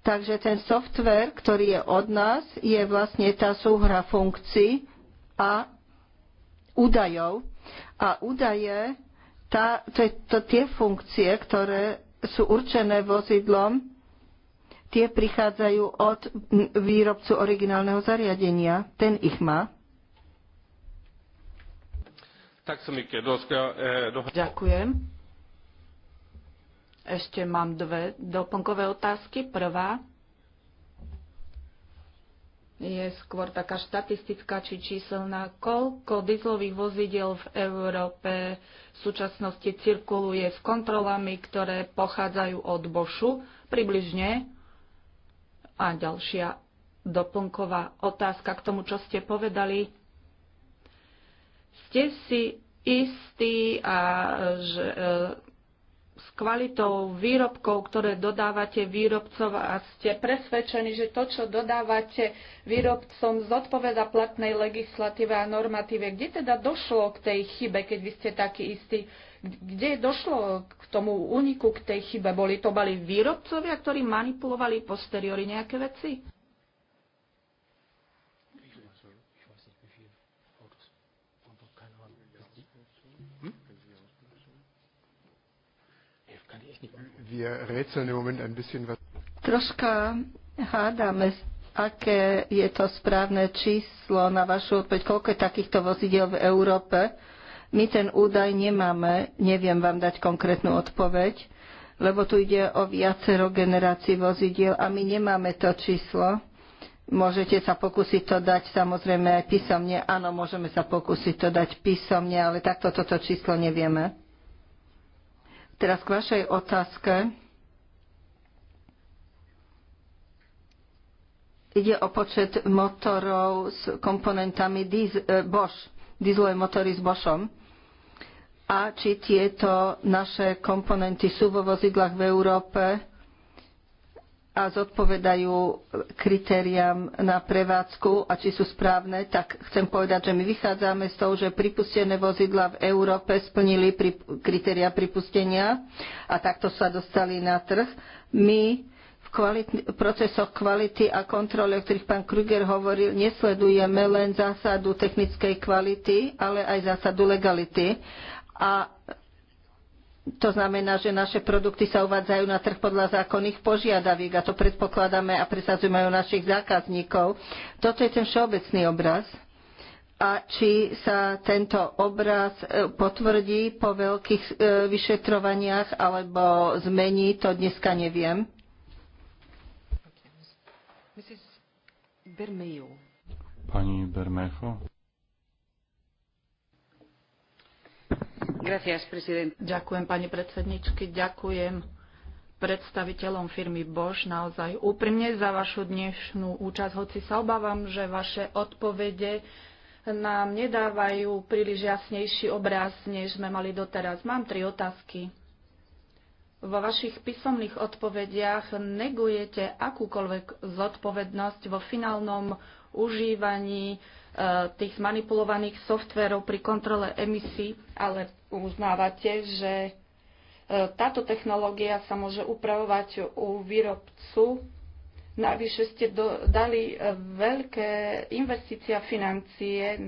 Takže ten softver, ktorý je od nás, je vlastne tá súhra funkcií a údajov. A údaje, tá, to, je, to tie funkcie, ktoré sú určené vozidlom, tie prichádzajú od výrobcu originálneho zariadenia. Ten ich má. Eh, Ďakujem. Ešte mám dve doplnkové otázky. Prvá je skôr taká štatistická či číselná. Koľko dizlových vozidel v Európe v súčasnosti cirkuluje s kontrolami, ktoré pochádzajú od Bošu približne? A ďalšia doplnková otázka k tomu, čo ste povedali ste si istí a že, e, s kvalitou výrobkov, ktoré dodávate výrobcov a ste presvedčení, že to, čo dodávate výrobcom, zodpoveda platnej legislatíve a normatíve. Kde teda došlo k tej chybe, keď vy ste takí istí? Kde došlo k tomu úniku, k tej chybe? Boli to boli výrobcovia, ktorí manipulovali posteriori nejaké veci? wir rätseln im Moment ein bisschen was. Troška hádame, aké je to správne číslo na vašu odpoveď, koľko je takýchto vozidel v Európe. My ten údaj nemáme, neviem vám dať konkrétnu odpoveď, lebo tu ide o viacero generácií vozidiel a my nemáme to číslo. Môžete sa pokúsiť to dať samozrejme aj písomne. Áno, môžeme sa pokúsiť to dať písomne, ale takto toto číslo nevieme. Teraz k vašej otázke. Ide o počet motorov s komponentami diz, e, Bosch, dieselové motory s Boschom a či tieto naše komponenty sú vo vozidlách v Európe a zodpovedajú kritériám na prevádzku a či sú správne, tak chcem povedať, že my vychádzame z toho, že pripustené vozidla v Európe splnili pri, kritéria pripustenia a takto sa dostali na trh. My v procesoch kvality a kontrole, o ktorých pán Kruger hovoril, nesledujeme len zásadu technickej kvality, ale aj zásadu legality. A to znamená, že naše produkty sa uvádzajú na trh podľa zákonných požiadaviek a to predpokladáme a presadzujeme u našich zákazníkov. Toto je ten všeobecný obraz. A či sa tento obraz e, potvrdí po veľkých e, vyšetrovaniach alebo zmení, to dneska neviem. Pani Bermejo. Ďakujem, pani predsedničky, ďakujem predstaviteľom firmy Bosch naozaj úprimne za vašu dnešnú účasť, hoci sa obávam, že vaše odpovede nám nedávajú príliš jasnejší obraz, než sme mali doteraz. Mám tri otázky. Vo vašich písomných odpovediach negujete akúkoľvek zodpovednosť vo finálnom užívaní Eh, tých manipulovaných softverov pri kontrole emisí, ale uznávate, že eh, táto technológia sa môže upravovať u výrobcu. Navyše ste do, dali eh, veľké investícia financie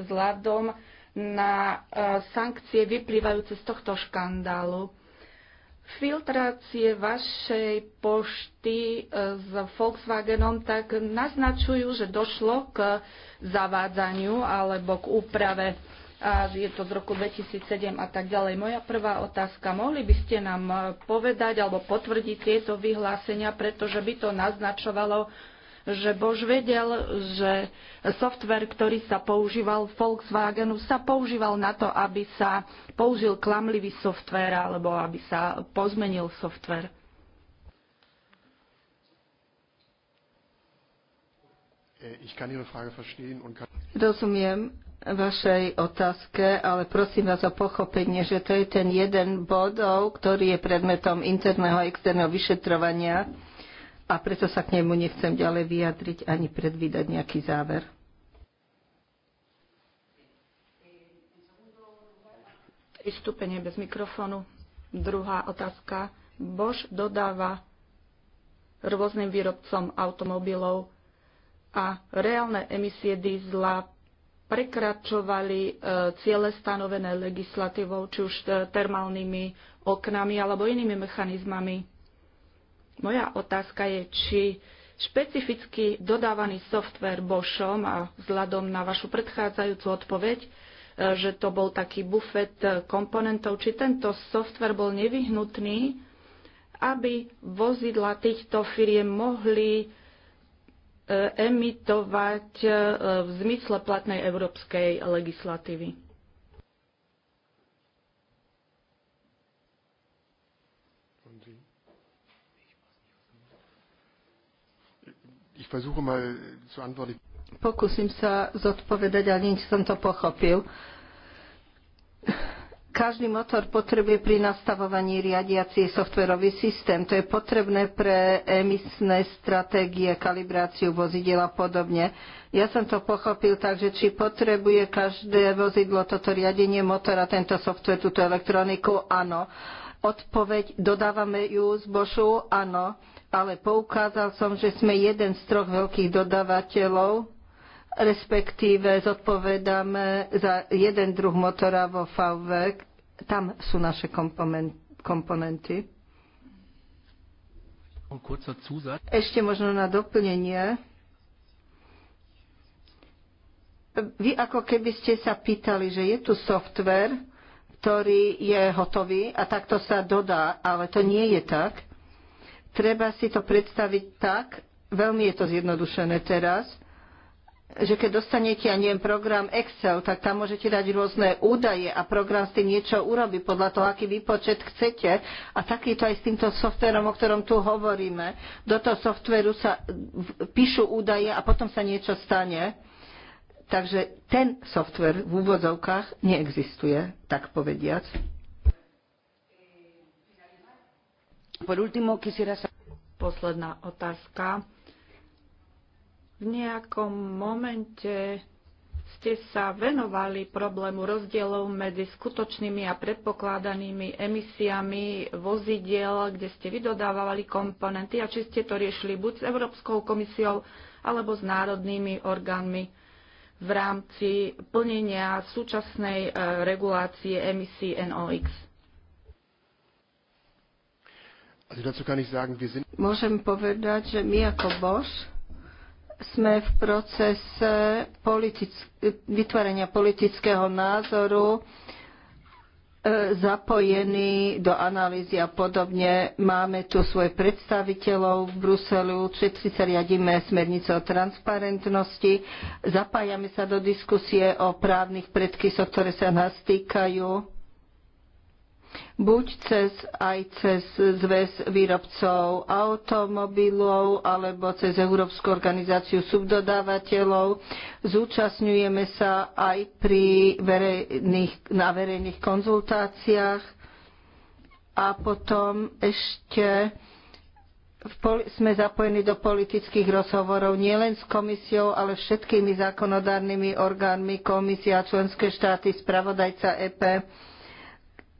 vzhľadom na sankcie vyplývajúce z tohto škandálu filtrácie vašej pošty e, s Volkswagenom tak naznačujú, že došlo k zavádzaniu alebo k úprave. A je to z roku 2007 a tak ďalej. Moja prvá otázka, mohli by ste nám e, povedať alebo potvrdiť tieto vyhlásenia, pretože by to naznačovalo že Bož vedel, že software, ktorý sa používal v Volkswagenu, sa používal na to, aby sa použil klamlivý software alebo aby sa pozmenil software. Äh, Rozumiem vašej otázke, ale prosím vás o pochopenie, že to je ten jeden bodov, ktorý je predmetom interného a externého vyšetrovania a preto sa k nemu nechcem ďalej vyjadriť ani predvídať nejaký záver. Vystúpenie bez mikrofónu. Druhá otázka. Bož dodáva rôznym výrobcom automobilov a reálne emisie dízla prekračovali e, ciele stanovené legislatívou, či už e, termálnymi oknami alebo inými mechanizmami moja otázka je, či špecificky dodávaný software Boschom a vzhľadom na vašu predchádzajúcu odpoveď, e, že to bol taký bufet komponentov, či tento software bol nevyhnutný, aby vozidla týchto firiem mohli e, emitovať e, v zmysle platnej európskej legislatívy. Pokúsim sa zodpovedať, ale nič som to pochopil. Každý motor potrebuje pri nastavovaní riadiacie softverový systém. To je potrebné pre emisné stratégie, kalibráciu vozidiel a podobne. Ja som to pochopil tak, že či potrebuje každé vozidlo toto riadenie motora, tento softver, túto elektroniku, áno. Odpoveď dodávame ju z Bošu, áno ale poukázal som, že sme jeden z troch veľkých dodávateľov, respektíve zodpovedáme za jeden druh motora vo VV. Tam sú naše komponenty. Ešte možno na doplnenie. Vy ako keby ste sa pýtali, že je tu software, ktorý je hotový a takto sa dodá, ale to nie je tak Treba si to predstaviť tak, veľmi je to zjednodušené teraz, že keď dostanete, ja neviem, program Excel, tak tam môžete dať rôzne údaje a program s tým niečo urobí podľa toho, aký výpočet chcete. A takýto aj s týmto softverom, o ktorom tu hovoríme. Do toho softveru sa píšu údaje a potom sa niečo stane. Takže ten softver v úvodzovkách neexistuje, tak povediac. Posledná otázka. V nejakom momente ste sa venovali problému rozdielov medzi skutočnými a predpokladanými emisiami vozidiel, kde ste vydodávali komponenty a či ste to riešili buď s Európskou komisiou alebo s národnými orgánmi v rámci plnenia súčasnej eh, regulácie emisí NOx. Môžem povedať, že my ako Bosch sme v procese politick- vytvorenia politického názoru e, zapojení do analýzy a podobne. Máme tu svoje predstaviteľov v Bruselu, všetci sa riadíme smernice o transparentnosti, zapájame sa do diskusie o právnych predkysoch, ktoré sa nás týkajú buď cez, aj cez zväz výrobcov automobilov alebo cez Európsku organizáciu subdodávateľov. Zúčastňujeme sa aj pri verejných, na verejných konzultáciách a potom ešte sme zapojení do politických rozhovorov nielen s komisiou, ale všetkými zákonodárnymi orgánmi, komisia, členské štáty, spravodajca EP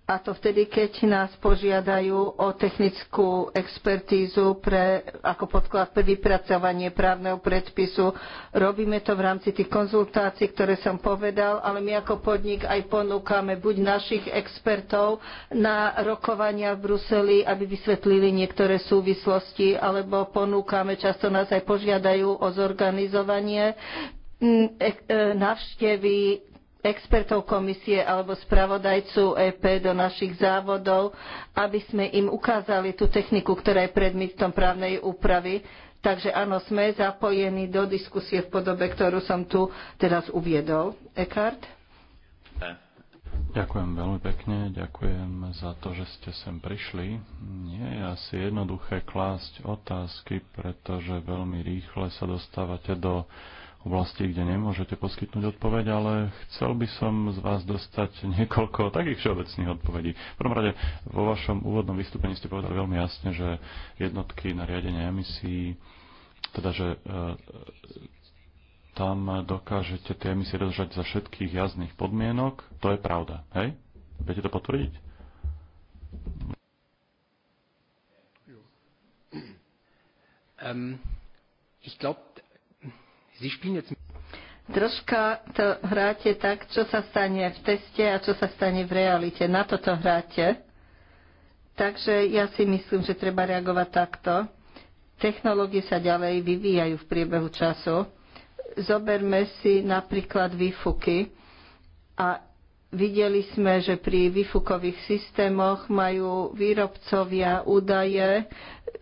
a to vtedy, keď nás požiadajú o technickú expertízu pre, ako podklad pre vypracovanie právneho predpisu. Robíme to v rámci tých konzultácií, ktoré som povedal, ale my ako podnik aj ponúkame buď našich expertov na rokovania v Bruseli, aby vysvetlili niektoré súvislosti, alebo ponúkame, často nás aj požiadajú o zorganizovanie e, e, návštevy expertov komisie alebo spravodajcu EP do našich závodov, aby sme im ukázali tú techniku, ktorá je predmetom právnej úpravy. Takže áno, sme zapojení do diskusie v podobe, ktorú som tu teraz uviedol. Eckhart? Ďakujem veľmi pekne, ďakujem za to, že ste sem prišli. Nie je asi jednoduché klásť otázky, pretože veľmi rýchle sa dostávate do oblasti, kde nemôžete poskytnúť odpoveď, ale chcel by som z vás dostať niekoľko takých všeobecných odpovedí. V prvom rade, vo vašom úvodnom vystúpení ste povedali veľmi jasne, že jednotky na riadenie emisí, teda že e, tam dokážete tie emisie dodržať za všetkých jazdných podmienok, to je pravda, hej? Viete to potvrdiť? Um, ich glaube, Troška to hráte tak, čo sa stane v teste a čo sa stane v realite. Na toto hráte. Takže ja si myslím, že treba reagovať takto. Technológie sa ďalej vyvíjajú v priebehu času. Zoberme si napríklad výfuky a Videli sme, že pri výfukových systémoch majú výrobcovia údaje,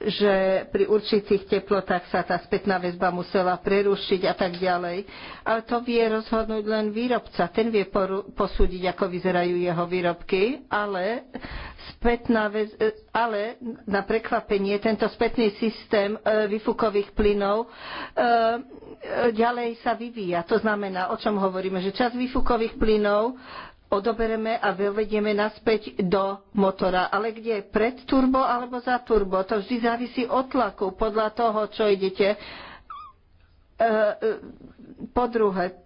že pri určitých teplotách sa tá spätná väzba musela prerušiť a tak ďalej. Ale to vie rozhodnúť len výrobca. Ten vie posúdiť, ako vyzerajú jeho výrobky, ale, spätná väz- e, ale na prekvapenie tento spätný systém e, vyfukových plynov e, ďalej sa vyvíja. To znamená, o čom hovoríme, že čas výfukových plynov odobereme a vyvedieme naspäť do motora. Ale kde? Pred turbo alebo za turbo? To vždy závisí od tlaku, podľa toho, čo idete. E, e, po druhé,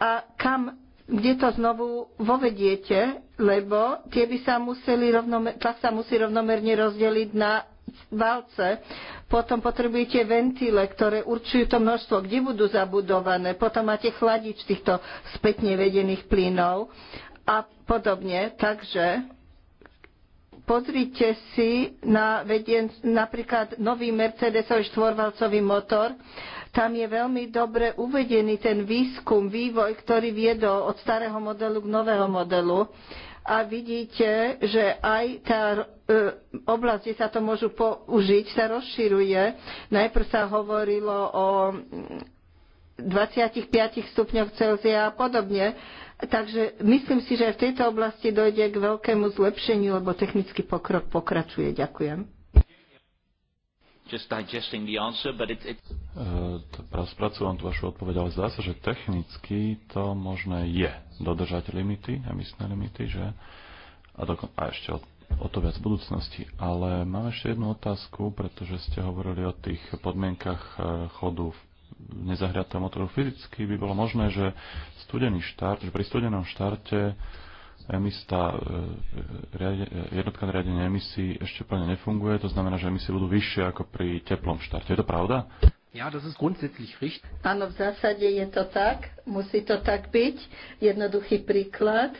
a kam, kde to znovu vovediete, lebo tie by sa museli rovnomer, tlak sa musí rovnomerne rozdeliť na válce. Potom potrebujete ventile, ktoré určujú to množstvo, kde budú zabudované. Potom máte chladič týchto spätne vedených plynov a podobne. Takže pozrite si na vedien, napríklad nový Mercedesový štvorvalcový motor. Tam je veľmi dobre uvedený ten výskum, vývoj, ktorý viedol od starého modelu k nového modelu a vidíte, že aj tá e, oblasť, kde sa to môžu použiť, sa rozširuje. Najprv sa hovorilo o 25 stupňoch Celzia a podobne. Takže myslím si, že aj v tejto oblasti dojde k veľkému zlepšeniu, lebo technický pokrok pokračuje. Ďakujem just digesting the answer, but it, it... E, spracujem tú vašu odpoveď, ale zdá sa, že technicky to možné je dodržať limity, emisné limity, že? A, dokon- a ešte o, o to viac v budúcnosti. Ale mám ešte jednu otázku, pretože ste hovorili o tých podmienkach e, chodu v nezahriatého motoru. Fyzicky by bolo možné, že studený štart, že pri studenom štarte Emista e, e, e, jednotka na riadenie emisí ešte plne nefunguje, to znamená, že emisie budú vyššie ako pri teplom štarte. Je to pravda? Ja, das ist grundsätzlich richtig. Áno, v zásade je to tak, musí to tak byť. Jednoduchý príklad.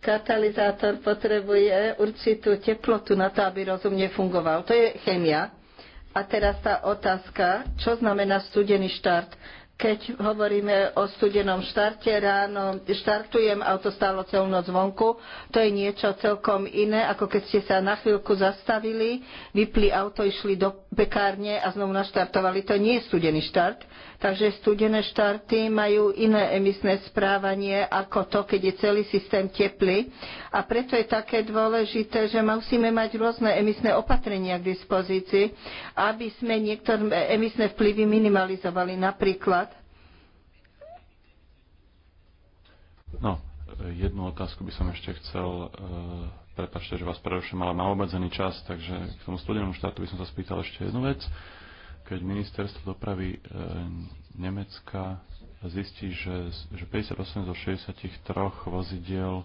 Katalizátor potrebuje určitú teplotu na to, aby rozumne fungoval. To je chemia. A teraz tá otázka, čo znamená studený štart? keď hovoríme o studenom štarte ráno, štartujem auto stálo celú noc vonku, to je niečo celkom iné, ako keď ste sa na chvíľku zastavili, vypli auto, išli do pekárne a znovu naštartovali. To nie je studený štart. Takže studené štarty majú iné emisné správanie ako to, keď je celý systém teplý. A preto je také dôležité, že musíme mať rôzne emisné opatrenia k dispozícii, aby sme niektoré emisné vplyvy minimalizovali. Napríklad No, jednu otázku by som ešte chcel, e, prepačte, že vás preruším, ale mám obmedzený čas, takže k tomu studenému štátu by som sa spýtal ešte jednu vec. E, keď ministerstvo dopravy e, Nemecka zistí, že, že 58 zo 63 vozidiel e,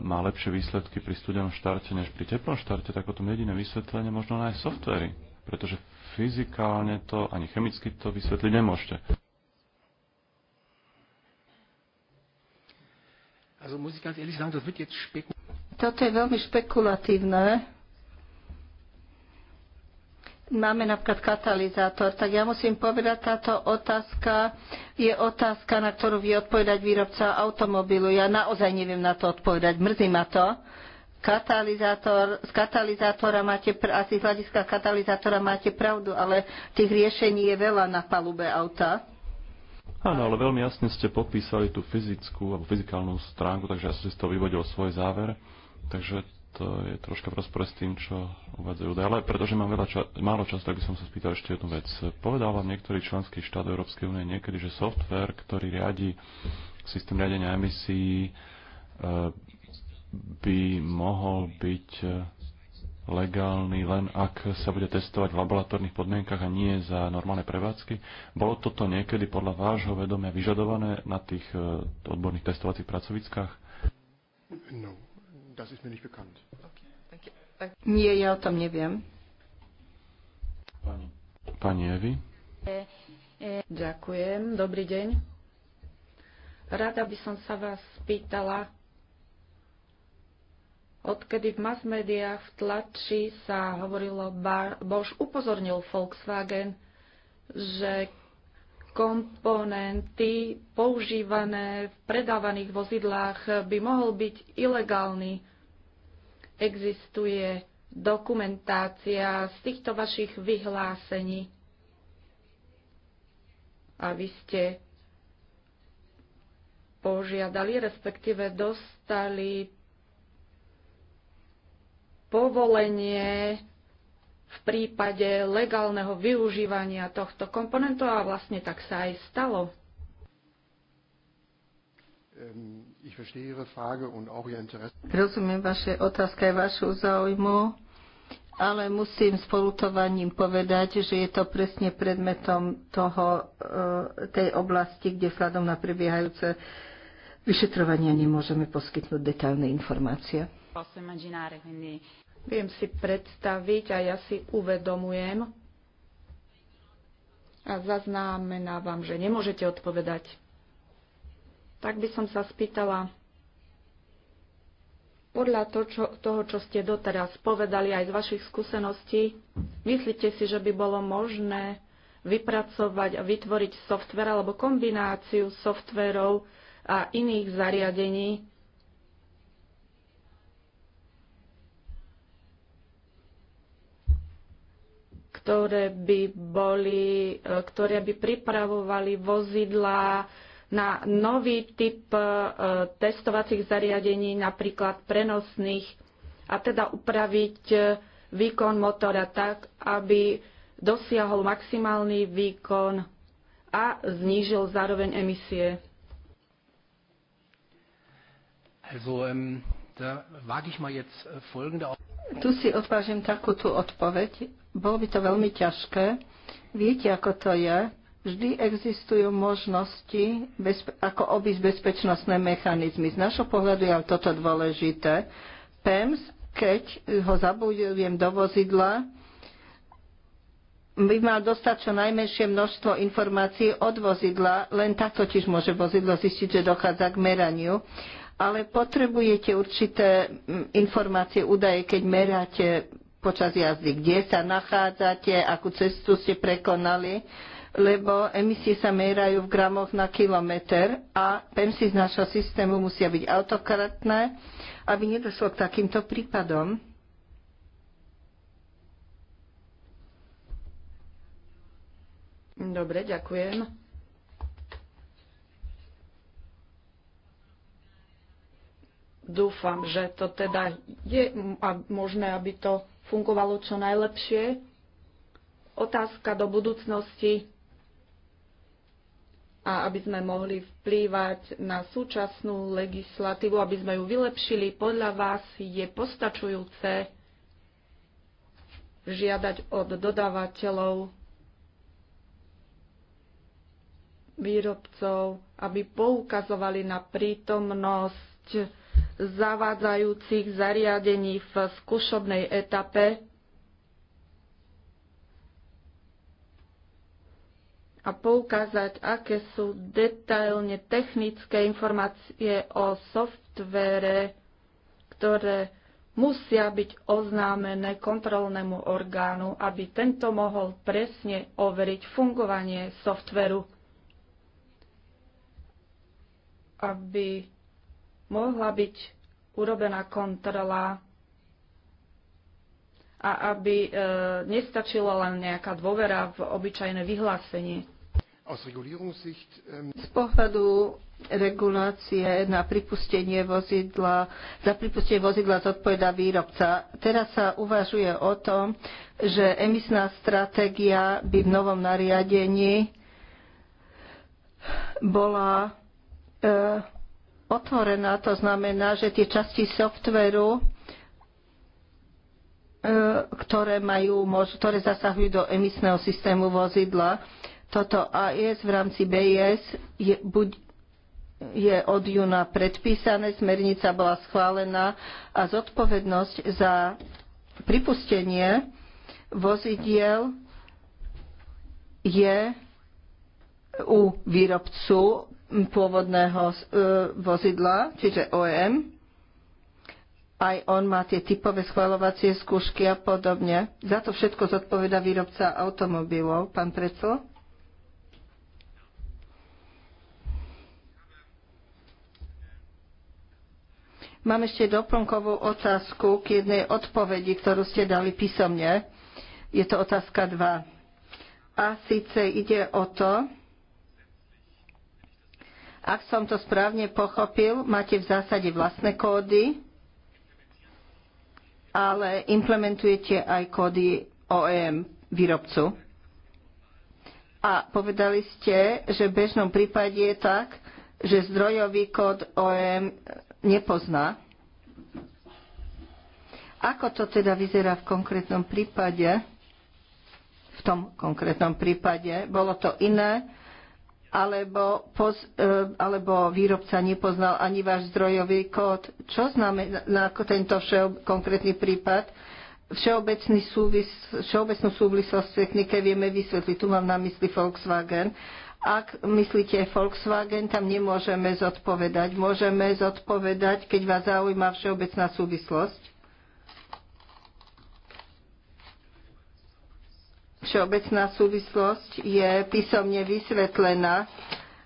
má lepšie výsledky pri studenom štarte než pri teplom štarte, tak potom jediné vysvetlenie možno aj softvery, pretože fyzikálne to ani chemicky to vysvetliť nemôžete. Toto je veľmi špekulatívne máme napríklad katalizátor, tak ja musím povedať, táto otázka je otázka, na ktorú vie odpovedať výrobca automobilu. Ja naozaj neviem na to odpovedať, mrzí ma to. Katalizátor, z katalizátora máte, asi z hľadiska katalizátora máte pravdu, ale tých riešení je veľa na palube auta. Áno, ale veľmi jasne ste popísali tú fyzickú alebo fyzikálnu stránku, takže ja som si z toho vyvodil svoj záver. Takže to je troška v rozpore s tým, čo uvádzajú údaje. Ale pretože mám veľa ča- málo času, tak by som sa spýtal ešte jednu vec. Povedal vám niektorý členský štát Európskej únie niekedy, že software, ktorý riadi systém riadenia emisí, e, by mohol byť e, legálny len ak sa bude testovať v laboratórnych podmienkach a nie za normálne prevádzky. Bolo toto niekedy podľa vášho vedomia vyžadované na tých e, odborných testovacích pracoviskách? No, das ist mir nicht bekannt. Nie, ja o tom neviem. Pani, Pani Evi. Ďakujem, dobrý deň. Rada by som sa vás spýtala, odkedy v mass médiách v tlači sa hovorilo, Bož upozornil Volkswagen, že komponenty používané v predávaných vozidlách by mohol byť ilegálny existuje dokumentácia z týchto vašich vyhlásení a vy ste požiadali, respektíve dostali povolenie v prípade legálneho využívania tohto komponentu a vlastne tak sa aj stalo. Ehm, ich verstehe Ihre Frage und auch Ihr Interesse. Rozumiem vaše otázka a vašu záujmu, ale musím s polutovaním povedať, že je to presne predmetom toho, eh, tej oblasti, kde vzhľadom na prebiehajúce vyšetrovania nemôžeme poskytnúť detailné informácie. Viem si predstaviť a ja si uvedomujem a zaznamenávam, že nemôžete odpovedať tak by som sa spýtala, podľa to, čo, toho, čo ste doteraz povedali aj z vašich skúseností, myslíte si, že by bolo možné vypracovať a vytvoriť software alebo kombináciu softverov a iných zariadení, ktoré by, boli, e, ktoré by pripravovali vozidlá, na nový typ e, testovacích zariadení, napríklad prenosných, a teda upraviť e, výkon motora tak, aby dosiahol maximálny výkon a znížil zároveň emisie. Also, um, da wage ich mal jetzt äh, folgende Tu si odvážim takúto odpoveď. Bolo by to veľmi ťažké. Viete, ako to je, Vždy existujú možnosti, ako obísť bezpečnostné mechanizmy. Z našho pohľadu je ale toto dôležité. PEMS, keď ho zabudujem do vozidla, by mal dostať čo najmenšie množstvo informácií od vozidla, len tak totiž môže vozidlo zistiť, že dochádza k meraniu. Ale potrebujete určité informácie, údaje, keď meráte počas jazdy, kde sa nachádzate, akú cestu ste prekonali lebo emisie sa merajú v gramoch na kilometr a PEMSy z nášho systému musia byť autokratné, aby nedošlo k takýmto prípadom. Dobre, ďakujem. Dúfam, že to teda je možné, aby to fungovalo čo najlepšie. Otázka do budúcnosti a aby sme mohli vplývať na súčasnú legislatívu, aby sme ju vylepšili. Podľa vás je postačujúce žiadať od dodávateľov, výrobcov, aby poukazovali na prítomnosť zavádzajúcich zariadení v skúšobnej etape a poukázať, aké sú detailne technické informácie o softvere, ktoré musia byť oznámené kontrolnému orgánu, aby tento mohol presne overiť fungovanie softveru, aby mohla byť urobená kontrola a aby e, nestačilo len nejaká dôvera v obyčajné vyhlásenie. Ähm, Z pohľadu regulácie na pripustenie vozidla, za pripustenie vozidla zodpoveda výrobca. Teraz sa uvažuje o tom, že emisná stratégia by v novom nariadení bola e, otvorená. To znamená, že tie časti softveru, e, ktoré, majú, ktoré zasahujú do emisného systému vozidla, toto AIS v rámci BIS je, buď, je od júna predpísané, smernica bola schválená a zodpovednosť za pripustenie vozidiel je u výrobcu pôvodného e, vozidla, čiže OEM, Aj on má tie typové schvalovacie skúšky a podobne. Za to všetko zodpoveda výrobca automobilov, pán Preco. Mám ešte doplnkovú otázku k jednej odpovedi, ktorú ste dali písomne. Je to otázka 2. A síce ide o to, ak som to správne pochopil, máte v zásade vlastné kódy, ale implementujete aj kódy OEM výrobcu. A povedali ste, že v bežnom prípade je tak, že zdrojový kód OEM nepozná. Ako to teda vyzerá v konkrétnom prípade? V tom konkrétnom prípade bolo to iné, alebo, poz, e, alebo výrobca nepoznal ani váš zdrojový kód. Čo znamená tento všeob, konkrétny prípad? Všeobecný súvis, všeobecnú súvislosť s technike vieme vysvetliť. Tu mám na mysli Volkswagen. Ak myslíte Volkswagen, tam nemôžeme zodpovedať. Môžeme zodpovedať, keď vás zaujíma všeobecná súvislosť. Všeobecná súvislosť je písomne vysvetlená.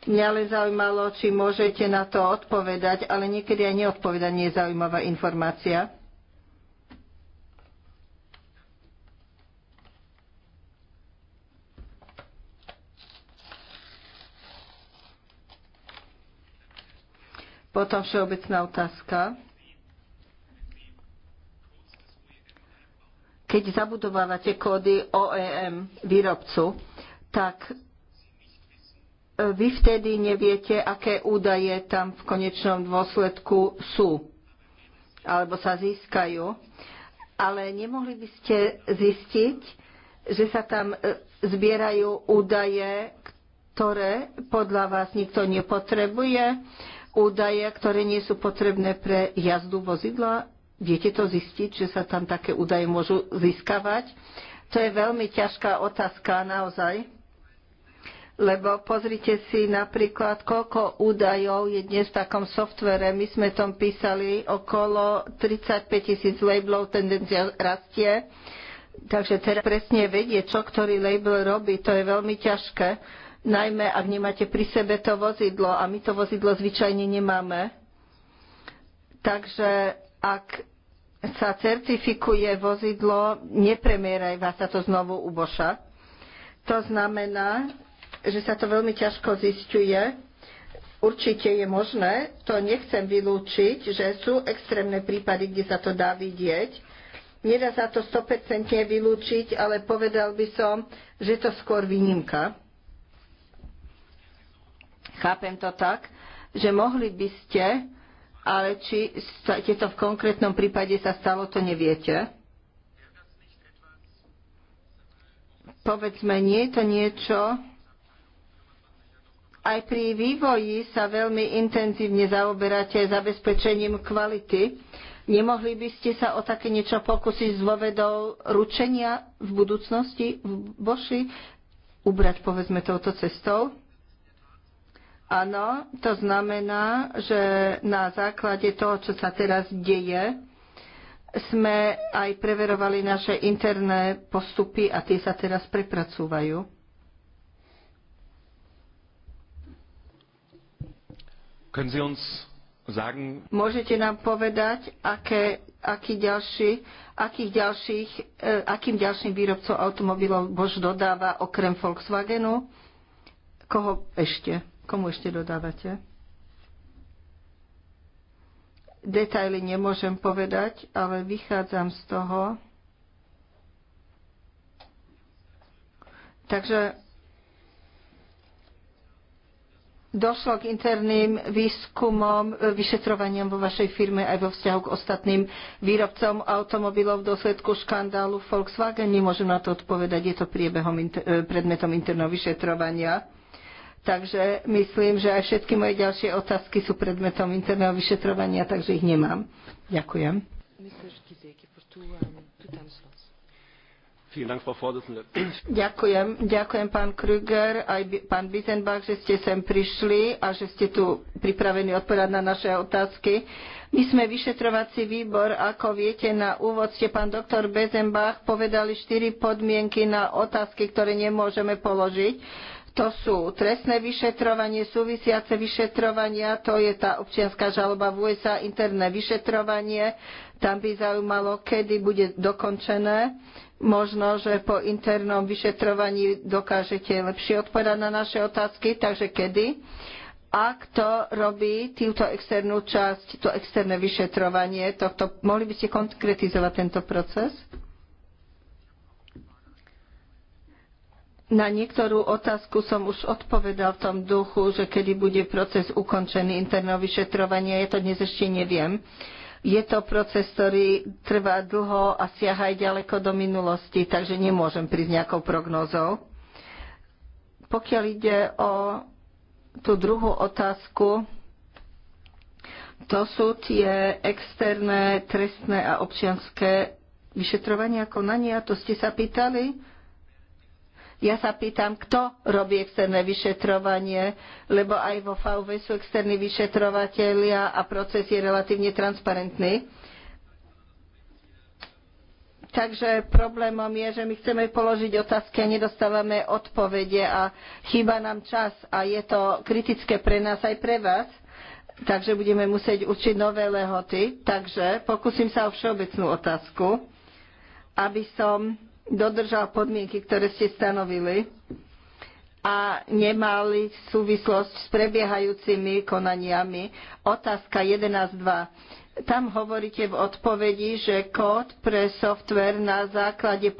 Mňa len zaujímalo, či môžete na to odpovedať, ale niekedy aj nie je zaujímavá informácia. Potom všeobecná otázka. Keď zabudovávate kódy OEM výrobcu, tak e, vy vtedy neviete, aké údaje tam v konečnom dôsledku sú alebo sa získajú. Ale nemohli by ste zistiť, že sa tam e, zbierajú údaje, ktoré podľa vás nikto nepotrebuje, údaje, ktoré nie sú potrebné pre jazdu vozidla. Viete to zistiť, že sa tam také údaje môžu získavať? To je veľmi ťažká otázka naozaj, lebo pozrite si napríklad, koľko údajov je dnes v takom softvere. My sme tom písali okolo 35 tisíc labelov, tendencia rastie. Takže teraz presne vedieť, čo ktorý label robí, to je veľmi ťažké najmä ak nemáte pri sebe to vozidlo a my to vozidlo zvyčajne nemáme. Takže ak sa certifikuje vozidlo, nepremieraj vás sa to znovu uboša. To znamená, že sa to veľmi ťažko zistuje. Určite je možné, to nechcem vylúčiť, že sú extrémne prípady, kde sa to dá vidieť. Nedá sa to 100% vylúčiť, ale povedal by som, že to skôr výnimka chápem to tak, že mohli by ste, ale či ste to v konkrétnom prípade sa stalo, to neviete. Povedzme, nie je to niečo, aj pri vývoji sa veľmi intenzívne zaoberáte zabezpečením kvality. Nemohli by ste sa o také niečo pokúsiť s dôvedou ručenia v budúcnosti v Boši ubrať povedzme touto cestou? Áno, to znamená, že na základe toho, čo sa teraz deje, sme aj preverovali naše interné postupy a tie sa teraz prepracúvajú. Können Sie uns sagen, Môžete nám povedať, aké, aký ďalší, akých ďalších, eh, akým ďalším výrobcom automobilov Bož dodáva okrem Volkswagenu? Koho ešte? Komu ešte dodávate? Detaily nemôžem povedať, ale vychádzam z toho. Takže došlo k interným výskumom, vyšetrovaniam vo vašej firme aj vo vzťahu k ostatným výrobcom automobilov v dôsledku škandálu Volkswagen. Nemôžem na to odpovedať, je to priebehom, eh, predmetom interného vyšetrovania. Takže myslím, že aj všetky moje ďalšie otázky sú predmetom interného vyšetrovania, takže ich nemám. Ďakujem. Ďakujem, ďakujem pán Krüger, aj pán Bizenbach, že ste sem prišli a že ste tu pripravení odpovedať na naše otázky. My sme vyšetrovací výbor, ako viete, na úvod ste pán doktor Bezenbach povedali štyri podmienky na otázky, ktoré nemôžeme položiť to sú trestné vyšetrovanie, súvisiace vyšetrovania, to je tá občianská žaloba v USA, interné vyšetrovanie. Tam by zaujímalo, kedy bude dokončené. Možno, že po internom vyšetrovaní dokážete lepšie odpovedať na naše otázky, takže kedy. A kto robí túto externú časť, to externé vyšetrovanie, tohto, mohli by ste konkretizovať tento proces? Na niektorú otázku som už odpovedal v tom duchu, že kedy bude proces ukončený interného vyšetrovania, ja to dnes ešte neviem. Je to proces, ktorý trvá dlho a siaha aj ďaleko do minulosti, takže nemôžem prísť nejakou prognozou. Pokiaľ ide o tú druhú otázku, to sú tie externé, trestné a občianské vyšetrovania konania, to ste sa pýtali? Ja sa pýtam, kto robí externé vyšetrovanie, lebo aj vo VV sú externí vyšetrovateľia a proces je relatívne transparentný. Takže problémom je, že my chceme položiť otázky a nedostávame odpovede a chýba nám čas a je to kritické pre nás aj pre vás. Takže budeme musieť učiť nové lehoty. Takže pokúsim sa o všeobecnú otázku, aby som dodržal podmienky, ktoré ste stanovili a nemali súvislosť s prebiehajúcimi konaniami. Otázka 11.2. Tam hovoríte v odpovedi, že kód pre software na základe, e,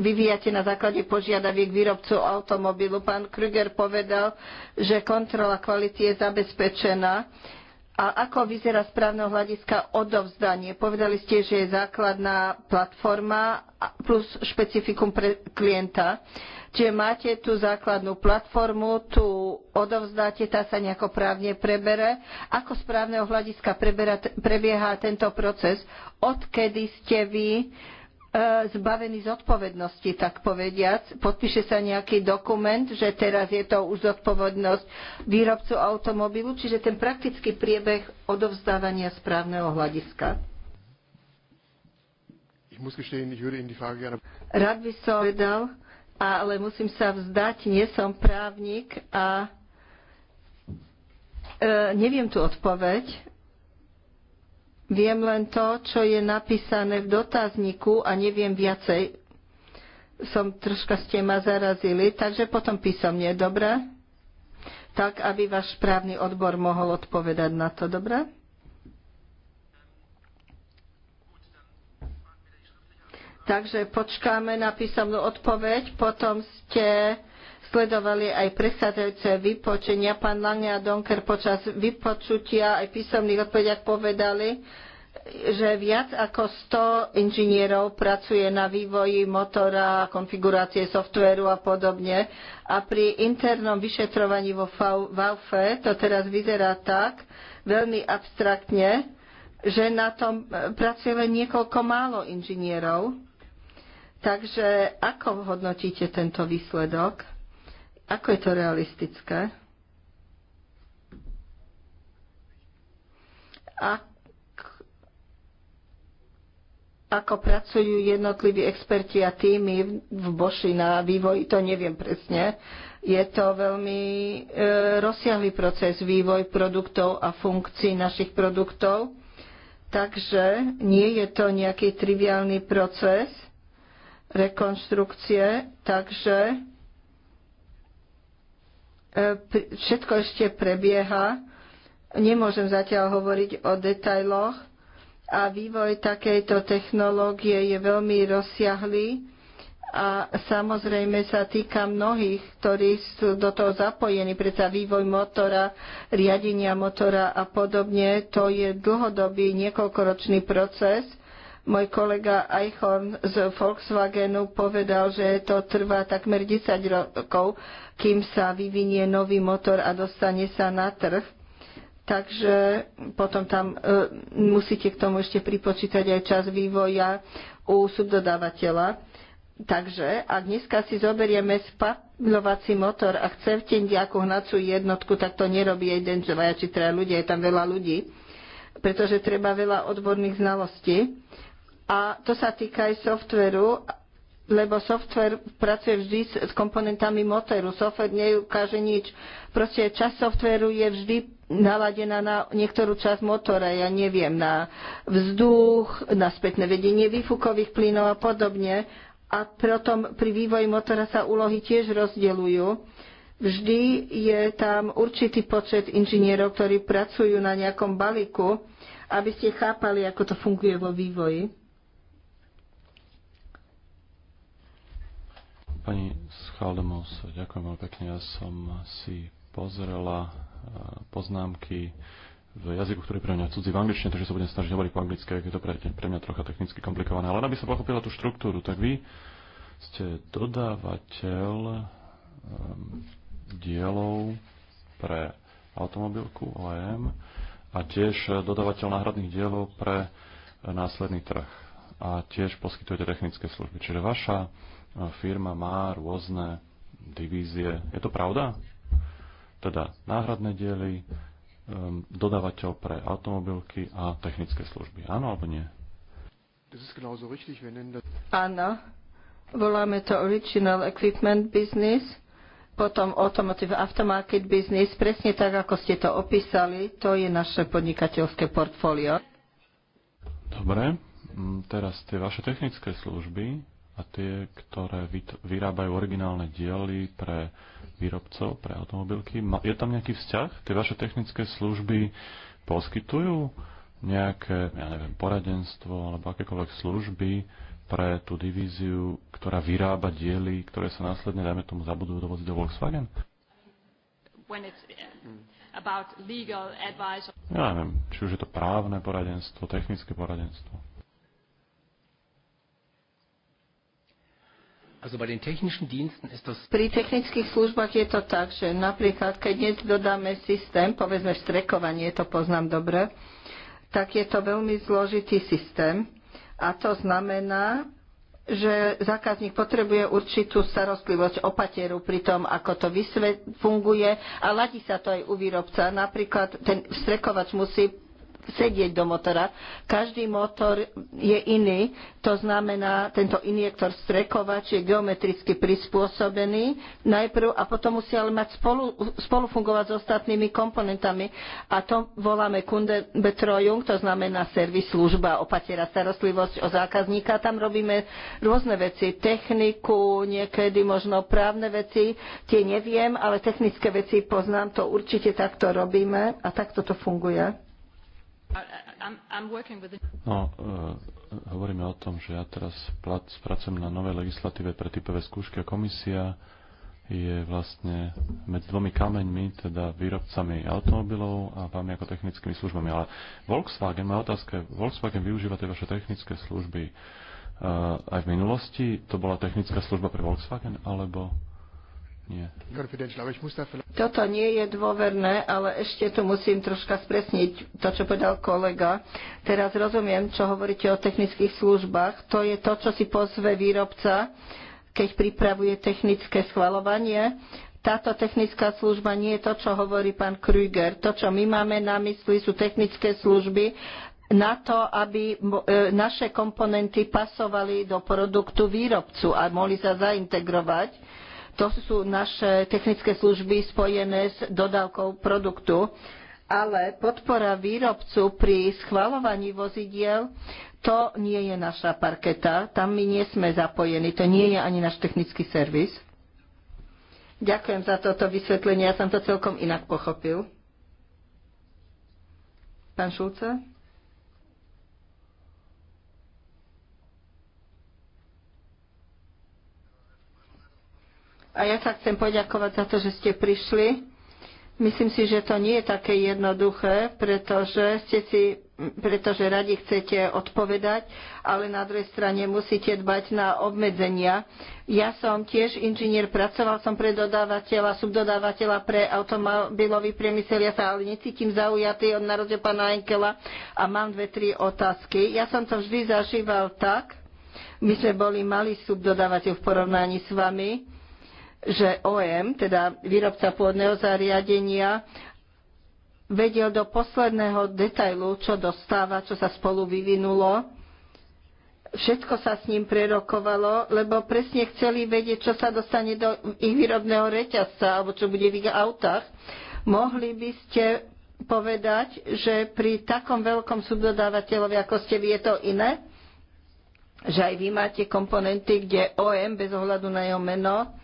vyvíjate na základe požiadaviek výrobcu automobilu. Pán Krüger povedal, že kontrola kvality je zabezpečená a ako vyzerá správneho hľadiska odovzdanie? Povedali ste, že je základná platforma plus špecifikum pre klienta. Čiže máte tú základnú platformu, tu odovzdáte, tá sa nejako právne prebere. Ako správneho hľadiska prebera, prebieha tento proces? Odkedy ste vy zbavený zodpovednosti, tak povediac. Podpíše sa nejaký dokument, že teraz je to už zodpovednosť výrobcu automobilu, čiže ten praktický priebeh odovzdávania správneho hľadiska. Rád by som vedal, ale musím sa vzdať, nie som právnik a e, neviem tu odpoveď, Viem len to, čo je napísané v dotazníku a neviem viacej. Som troška ste ma zarazili, takže potom písomne, dobre? Tak, aby váš správny odbor mohol odpovedať na to, dobre? Takže počkáme na písomnú odpoveď, potom ste sledovali aj predchádzajúce vypočenia. Pán Lange a Donker počas vypočutia aj písomných odpovediach povedali, že viac ako 100 inžinierov pracuje na vývoji motora, konfigurácie softvéru a podobne. A pri internom vyšetrovaní vo VAUFE to teraz vyzerá tak, veľmi abstraktne, že na tom e, pracuje len niekoľko málo inžinierov. Takže ako hodnotíte tento výsledok? Ako je to realistické? Ak, ako pracujú jednotliví experti a týmy v Boši na vývoji, to neviem presne. Je to veľmi e, rozsiahlý proces vývoj produktov a funkcií našich produktov, takže nie je to nejaký triviálny proces rekonstrukcie, takže E, všetko ešte prebieha. Nemôžem zatiaľ hovoriť o detailoch a vývoj takejto technológie je veľmi rozsiahlý a samozrejme sa týka mnohých, ktorí sú do toho zapojení. preto vývoj motora, riadenia motora a podobne, to je dlhodobý, niekoľkoročný proces môj kolega Eichhorn z Volkswagenu povedal, že to trvá takmer 10 rokov, kým sa vyvinie nový motor a dostane sa na trh. Takže potom tam e, musíte k tomu ešte pripočítať aj čas vývoja u subdodávateľa. Takže a dneska si zoberieme spalovací motor a chcete nejakú hnacú jednotku, tak to nerobí jeden, dvaja či ľudia, je tam veľa ľudí, pretože treba veľa odborných znalostí a to sa týka aj softveru, lebo software pracuje vždy s komponentami motoru. Software neukáže nič. Proste časť softveru je vždy naladená na niektorú časť motora, ja neviem, na vzduch, na spätné vedenie výfukových plynov a podobne. A potom pri vývoji motora sa úlohy tiež rozdeľujú. Vždy je tam určitý počet inžinierov, ktorí pracujú na nejakom balíku, aby ste chápali, ako to funguje vo vývoji. Pani Schaldemus, ďakujem veľmi pekne. Ja som si pozrela eh, poznámky v jazyku, ktorý pre mňa cudzí v angličtine, takže sa budem snažiť hovoriť po anglicky, ak je to pre, pre mňa trocha technicky komplikované. Ale aby som pochopila tú štruktúru, tak vy ste dodávateľ um, dielov pre automobilku OEM a tiež dodávateľ náhradných dielov pre eh, následný trh a tiež poskytujete technické služby. Čiže vaša firma má rôzne divízie. Je to pravda? Teda náhradné diely, ehm, dodávateľ pre automobilky a technické služby. Áno alebo nie? Áno. Voláme to Original Equipment Business, potom Automotive Aftermarket Business, presne tak, ako ste to opísali, to je naše podnikateľské portfólio. Dobre, mm, teraz tie vaše technické služby, a tie, ktoré vyrábajú originálne diely pre výrobcov, pre automobilky. Je tam nejaký vzťah? Tie vaše technické služby poskytujú nejaké, ja neviem, poradenstvo alebo akékoľvek služby pre tú divíziu, ktorá vyrába diely, ktoré sa následne, dajme tomu, zabudujú dovoziť do Volkswagen? Eh, ja neviem, či už je to právne poradenstvo, technické poradenstvo. Pri technických službách je to tak, že napríklad, keď dnes dodáme systém, povedzme strekovanie, to poznám dobre, tak je to veľmi zložitý systém a to znamená, že zákazník potrebuje určitú starostlivosť opateru pri tom, ako to funguje a ladí sa to aj u výrobca. Napríklad ten strekovač musí sedieť do motora. Každý motor je iný, to znamená, tento injektor strekovač je geometricky prispôsobený najprv a potom musí ale mať spolu, spolufungovať fungovať s ostatnými komponentami a to voláme kundebetrojung, to znamená servis, služba, opatera, starostlivosť o zákazníka. Tam robíme rôzne veci, techniku, niekedy možno právne veci, tie neviem, ale technické veci poznám, to určite takto robíme a takto to funguje. No, eh, hovoríme o tom, že ja teraz pracujem na novej legislatíve pre typové skúšky a komisia je vlastne medzi dvomi kameňmi, teda výrobcami automobilov a vami ako technickými službami. Ale Volkswagen, moja otázka je, Volkswagen využíva tie vaše technické služby eh, aj v minulosti. To bola technická služba pre Volkswagen, alebo toto nie je dôverné, ale ešte tu musím troška spresniť to, čo povedal kolega. Teraz rozumiem, čo hovoríte o technických službách. To je to, čo si pozve výrobca, keď pripravuje technické schvalovanie. Táto technická služba nie je to, čo hovorí pán Krüger. To, čo my máme na mysli, sú technické služby, na to, aby e, naše komponenty pasovali do produktu výrobcu a mohli sa zaintegrovať to sú naše technické služby spojené s dodávkou produktu. Ale podpora výrobcu pri schvalovaní vozidiel, to nie je naša parketa. Tam my nie sme zapojení. To nie je ani náš technický servis. Ďakujem za toto vysvetlenie. Ja som to celkom inak pochopil. Pán Šulce? A ja sa chcem poďakovať za to, že ste prišli. Myslím si, že to nie je také jednoduché, pretože, ste si, pretože radi chcete odpovedať, ale na druhej strane musíte dbať na obmedzenia. Ja som tiež inžinier, pracoval som pre dodávateľa, subdodávateľa pre automobilový priemysel, ja sa ale necítim zaujatý od narodia pána Enkela a mám dve, tri otázky. Ja som to vždy zažíval tak, my sme boli malý subdodávateľ v porovnaní s vami, že OM, teda výrobca pôdneho zariadenia, vedel do posledného detailu, čo dostáva, čo sa spolu vyvinulo. Všetko sa s ním prerokovalo, lebo presne chceli vedieť, čo sa dostane do ich výrobného reťazca alebo čo bude v ich autách. Mohli by ste povedať, že pri takom veľkom subdodávateľovi, ako ste vy, je to iné? Že aj vy máte komponenty, kde OM, bez ohľadu na jeho meno,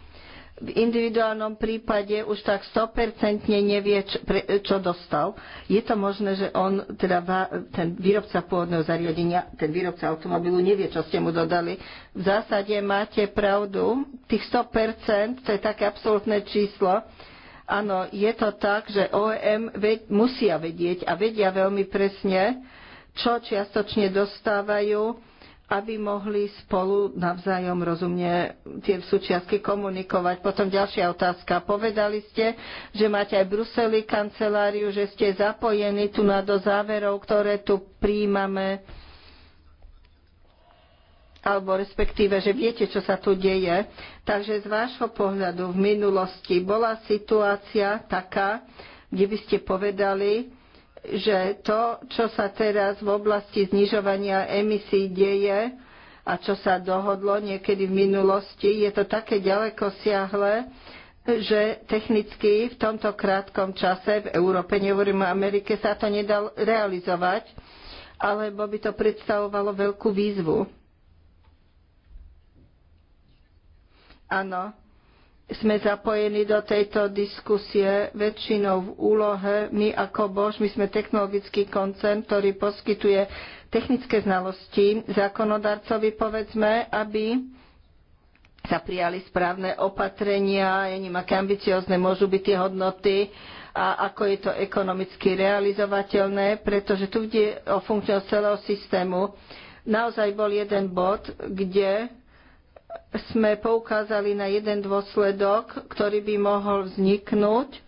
v individuálnom prípade už tak 100% nevie, čo, čo dostal. Je to možné, že on, teda ten výrobca pôvodného zariadenia, ten výrobca automobilu nevie, čo ste mu dodali. V zásade máte pravdu, tých 100%, to je také absolútne číslo. Áno, je to tak, že OEM musia vedieť a vedia veľmi presne, čo čiastočne dostávajú, aby mohli spolu navzájom rozumne tie súčiastky komunikovať. Potom ďalšia otázka. Povedali ste, že máte aj Bruseli kanceláriu, že ste zapojení tu na do záverov, ktoré tu príjmame, alebo respektíve, že viete, čo sa tu deje. Takže z vášho pohľadu v minulosti bola situácia taká, kde by ste povedali, že to, čo sa teraz v oblasti znižovania emisí deje a čo sa dohodlo niekedy v minulosti, je to také ďaleko siahle, že technicky v tomto krátkom čase v Európe, nehovorím o Amerike, sa to nedal realizovať, alebo by to predstavovalo veľkú výzvu. Áno, sme zapojení do tejto diskusie väčšinou v úlohe. My ako Bož, my sme technologický koncern, ktorý poskytuje technické znalosti zákonodarcovi, povedzme, aby sa prijali správne opatrenia, ja neviem, aké ambiciozne môžu byť tie hodnoty a ako je to ekonomicky realizovateľné, pretože tu ide o funkčnosť celého systému. Naozaj bol jeden bod, kde sme poukázali na jeden dôsledok, ktorý by mohol vzniknúť,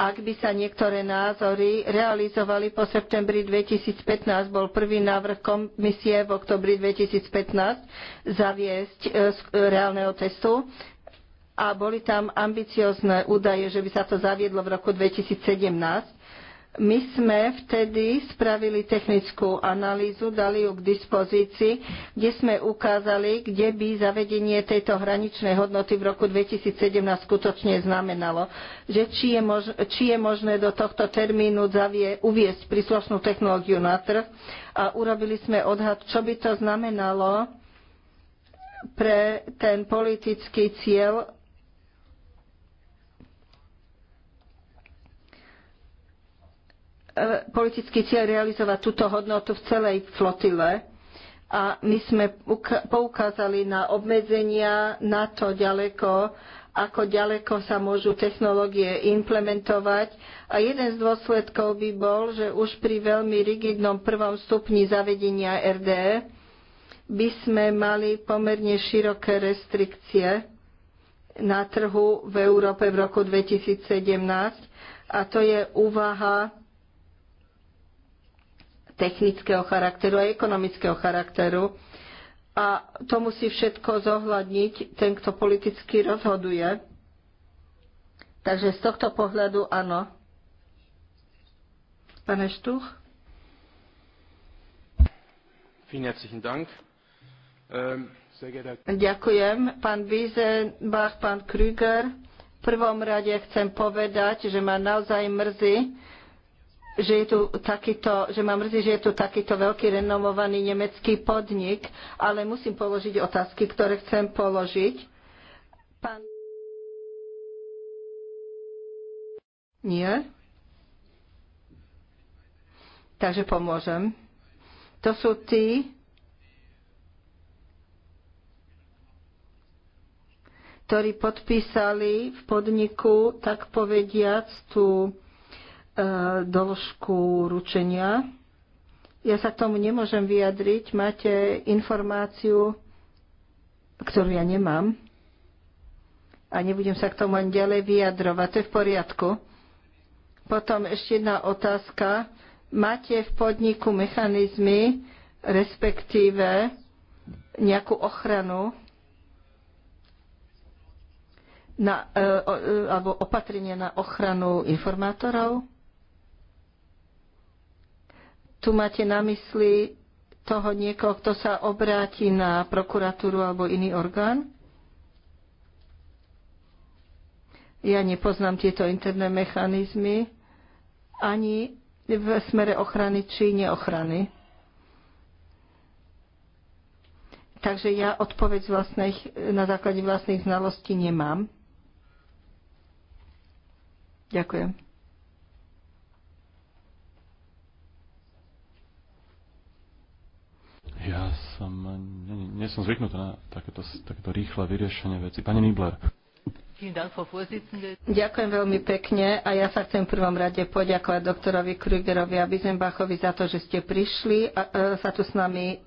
ak by sa niektoré názory realizovali po septembri 2015, bol prvý návrh komisie v oktobri 2015 zaviesť z e, e, reálneho testu a boli tam ambiciozne údaje, že by sa to zaviedlo v roku 2017 my sme vtedy spravili technickú analýzu, dali ju k dispozícii, kde sme ukázali, kde by zavedenie tejto hraničnej hodnoty v roku 2017 skutočne znamenalo, že či je, mož- či je možné do tohto termínu zavie- uviesť príslušnú technológiu na trh a urobili sme odhad, čo by to znamenalo pre ten politický cieľ E, politický cieľ realizovať túto hodnotu v celej flotile. A my sme poukázali na obmedzenia na to ďaleko, ako ďaleko sa môžu technológie implementovať. A jeden z dôsledkov by bol, že už pri veľmi rigidnom prvom stupni zavedenia RD by sme mali pomerne široké restrikcie na trhu v Európe v roku 2017 a to je úvaha technického charakteru a ekonomického charakteru. A to musí všetko zohľadniť ten, kto politicky rozhoduje. Takže z tohto pohľadu áno. Pane Štuch? herzlichen Dank. Ähm, Ďakujem. Pán Wiesenbach, pán Krüger. V prvom rade chcem povedať, že ma naozaj mrzí, že, je tu takýto, že ma mrzí, že je tu takýto veľký renomovaný nemecký podnik, ale musím položiť otázky, ktoré chcem položiť. Pán... Nie? Takže pomôžem. To sú tí, ktorí podpísali v podniku, tak povediac, tú doložku ručenia. Ja sa k tomu nemôžem vyjadriť. Máte informáciu, ktorú ja nemám. A nebudem sa k tomu ani ďalej vyjadrovať. To je v poriadku. Potom ešte jedna otázka. Máte v podniku mechanizmy, respektíve nejakú ochranu na, e, e, alebo opatrenia na ochranu informátorov? Tu máte na mysli toho niekoho, kto sa obráti na prokuratúru alebo iný orgán? Ja nepoznám tieto interné mechanizmy ani v smere ochrany či neochrany. Takže ja odpoveď vlastnej, na základe vlastných znalostí nemám. Ďakujem. Ja som, nie, nie som zvyknutá na takéto, takéto rýchle vyriešenie veci. Pani Nibler. Ďakujem veľmi pekne a ja sa chcem v prvom rade poďakovať doktorovi Krügerovi a Bizenbachovi za to, že ste prišli a, a e, sa tu s nami e,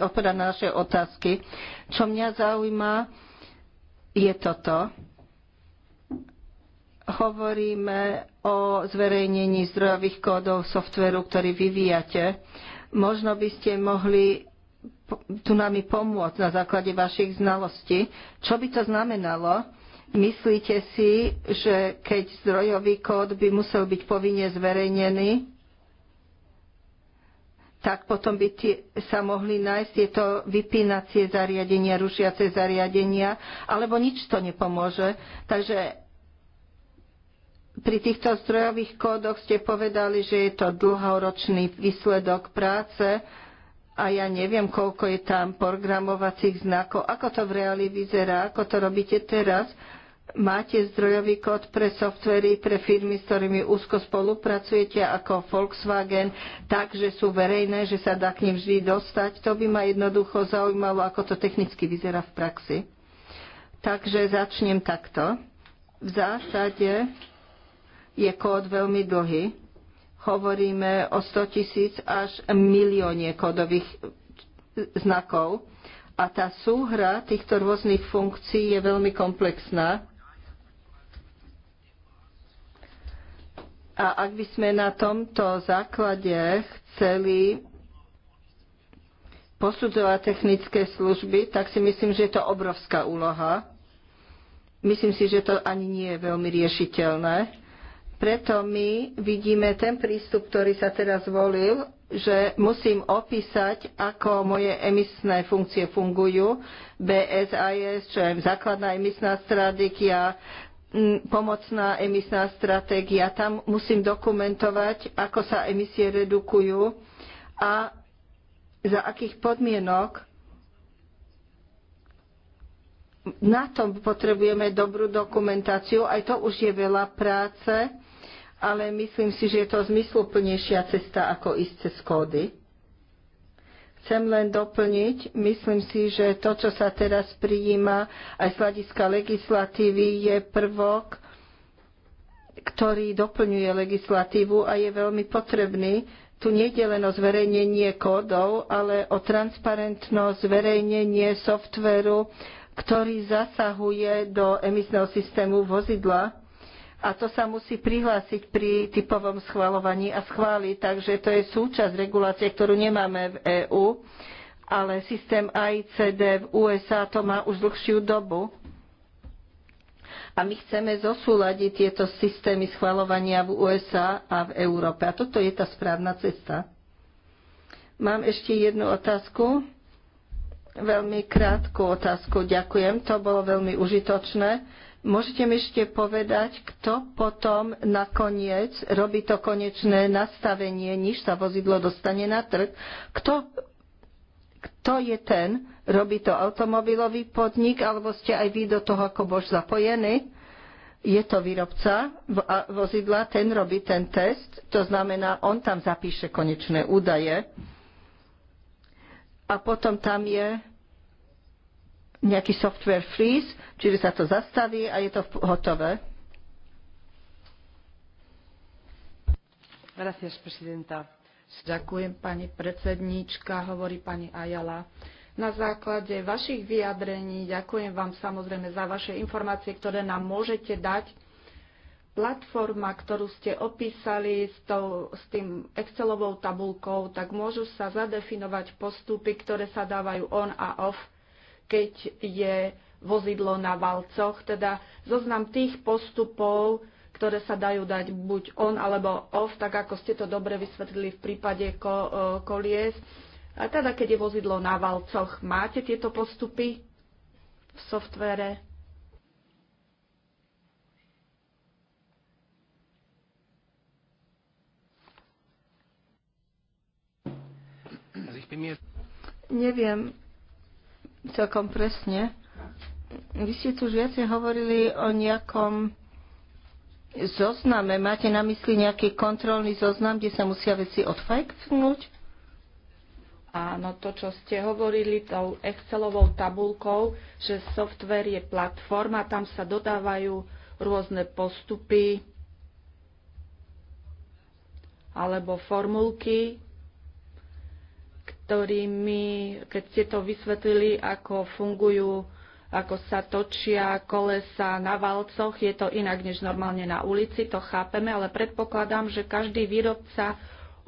odpovedať na naše otázky. Čo mňa zaujíma, je toto. Hovoríme o zverejnení zdrojových kódov softveru, ktorý vyvíjate Možno by ste mohli tu nami pomôcť na základe vašich znalostí. Čo by to znamenalo? Myslíte si, že keď zdrojový kód by musel byť povinne zverejnený, tak potom by tie, sa mohli nájsť tieto vypínacie zariadenia, rušiace zariadenia, alebo nič to nepomôže. Takže pri týchto zdrojových kódoch ste povedali, že je to dlhoročný výsledok práce a ja neviem, koľko je tam programovacích znakov. Ako to v reáli vyzerá? Ako to robíte teraz? Máte zdrojový kód pre softvery, pre firmy, s ktorými úzko spolupracujete, ako Volkswagen, tak, že sú verejné, že sa dá k nim vždy dostať. To by ma jednoducho zaujímalo, ako to technicky vyzerá v praxi. Takže začnem takto. V zásade je kód veľmi dlhý. Hovoríme o 100 tisíc až milióne kódových znakov a tá súhra týchto rôznych funkcií je veľmi komplexná. A ak by sme na tomto základe chceli posudzovať technické služby, tak si myslím, že je to obrovská úloha. Myslím si, že to ani nie je veľmi riešiteľné. Preto my vidíme ten prístup, ktorý sa teraz volil, že musím opísať, ako moje emisné funkcie fungujú, BSIS, čo je základná emisná stratégia, pomocná emisná stratégia. Tam musím dokumentovať, ako sa emisie redukujú a za akých podmienok na tom potrebujeme dobrú dokumentáciu, aj to už je veľa práce ale myslím si, že je to zmysluplnejšia cesta, ako ísť cez kódy. Chcem len doplniť, myslím si, že to, čo sa teraz prijíma aj z hľadiska legislatívy, je prvok, ktorý doplňuje legislatívu a je veľmi potrebný. Tu nejde len o zverejnenie kódov, ale o transparentnosť zverejnenie softveru, ktorý zasahuje do emisného systému vozidla a to sa musí prihlásiť pri typovom schvalovaní a schváliť, takže to je súčasť regulácie, ktorú nemáme v EÚ, ale systém AICD v USA to má už dlhšiu dobu. A my chceme zosúľadiť tieto systémy schvalovania v USA a v Európe. A toto je tá správna cesta. Mám ešte jednu otázku. Veľmi krátku otázku. Ďakujem. To bolo veľmi užitočné Môžete mi ešte povedať, kto potom nakoniec robí to konečné nastavenie, než sa vozidlo dostane na trh? Kto, kto je ten? Robí to automobilový podnik, alebo ste aj vy do toho ako bož zapojený, Je to výrobca vozidla, ten robí ten test, to znamená, on tam zapíše konečné údaje. A potom tam je nejaký software freeze, Čiže sa to zastaví a je to hotové. Gracias, Ďakujem, pani predsedníčka, hovorí pani Ajala. Na základe vašich vyjadrení ďakujem vám samozrejme za vaše informácie, ktoré nám môžete dať. Platforma, ktorú ste opísali s, tou, s tým Excelovou tabulkou, tak môžu sa zadefinovať postupy, ktoré sa dávajú on a off, keď je vozidlo na valcoch, teda zoznam tých postupov, ktoré sa dajú dať buď on alebo off, tak ako ste to dobre vysvetlili v prípade ko, e, kolies. A teda, keď je vozidlo na valcoch, máte tieto postupy v softvere? Neviem celkom presne. Vy ste tu už viacej hovorili o nejakom zozname. Máte na mysli nejaký kontrolný zoznam, kde sa musia veci odfajknúť? Áno, to, čo ste hovorili tou Excelovou tabulkou, že software je platforma, tam sa dodávajú rôzne postupy alebo formulky, ktorými, keď ste to vysvetlili, ako fungujú ako sa točia kolesa na valcoch. Je to inak než normálne na ulici, to chápeme, ale predpokladám, že každý výrobca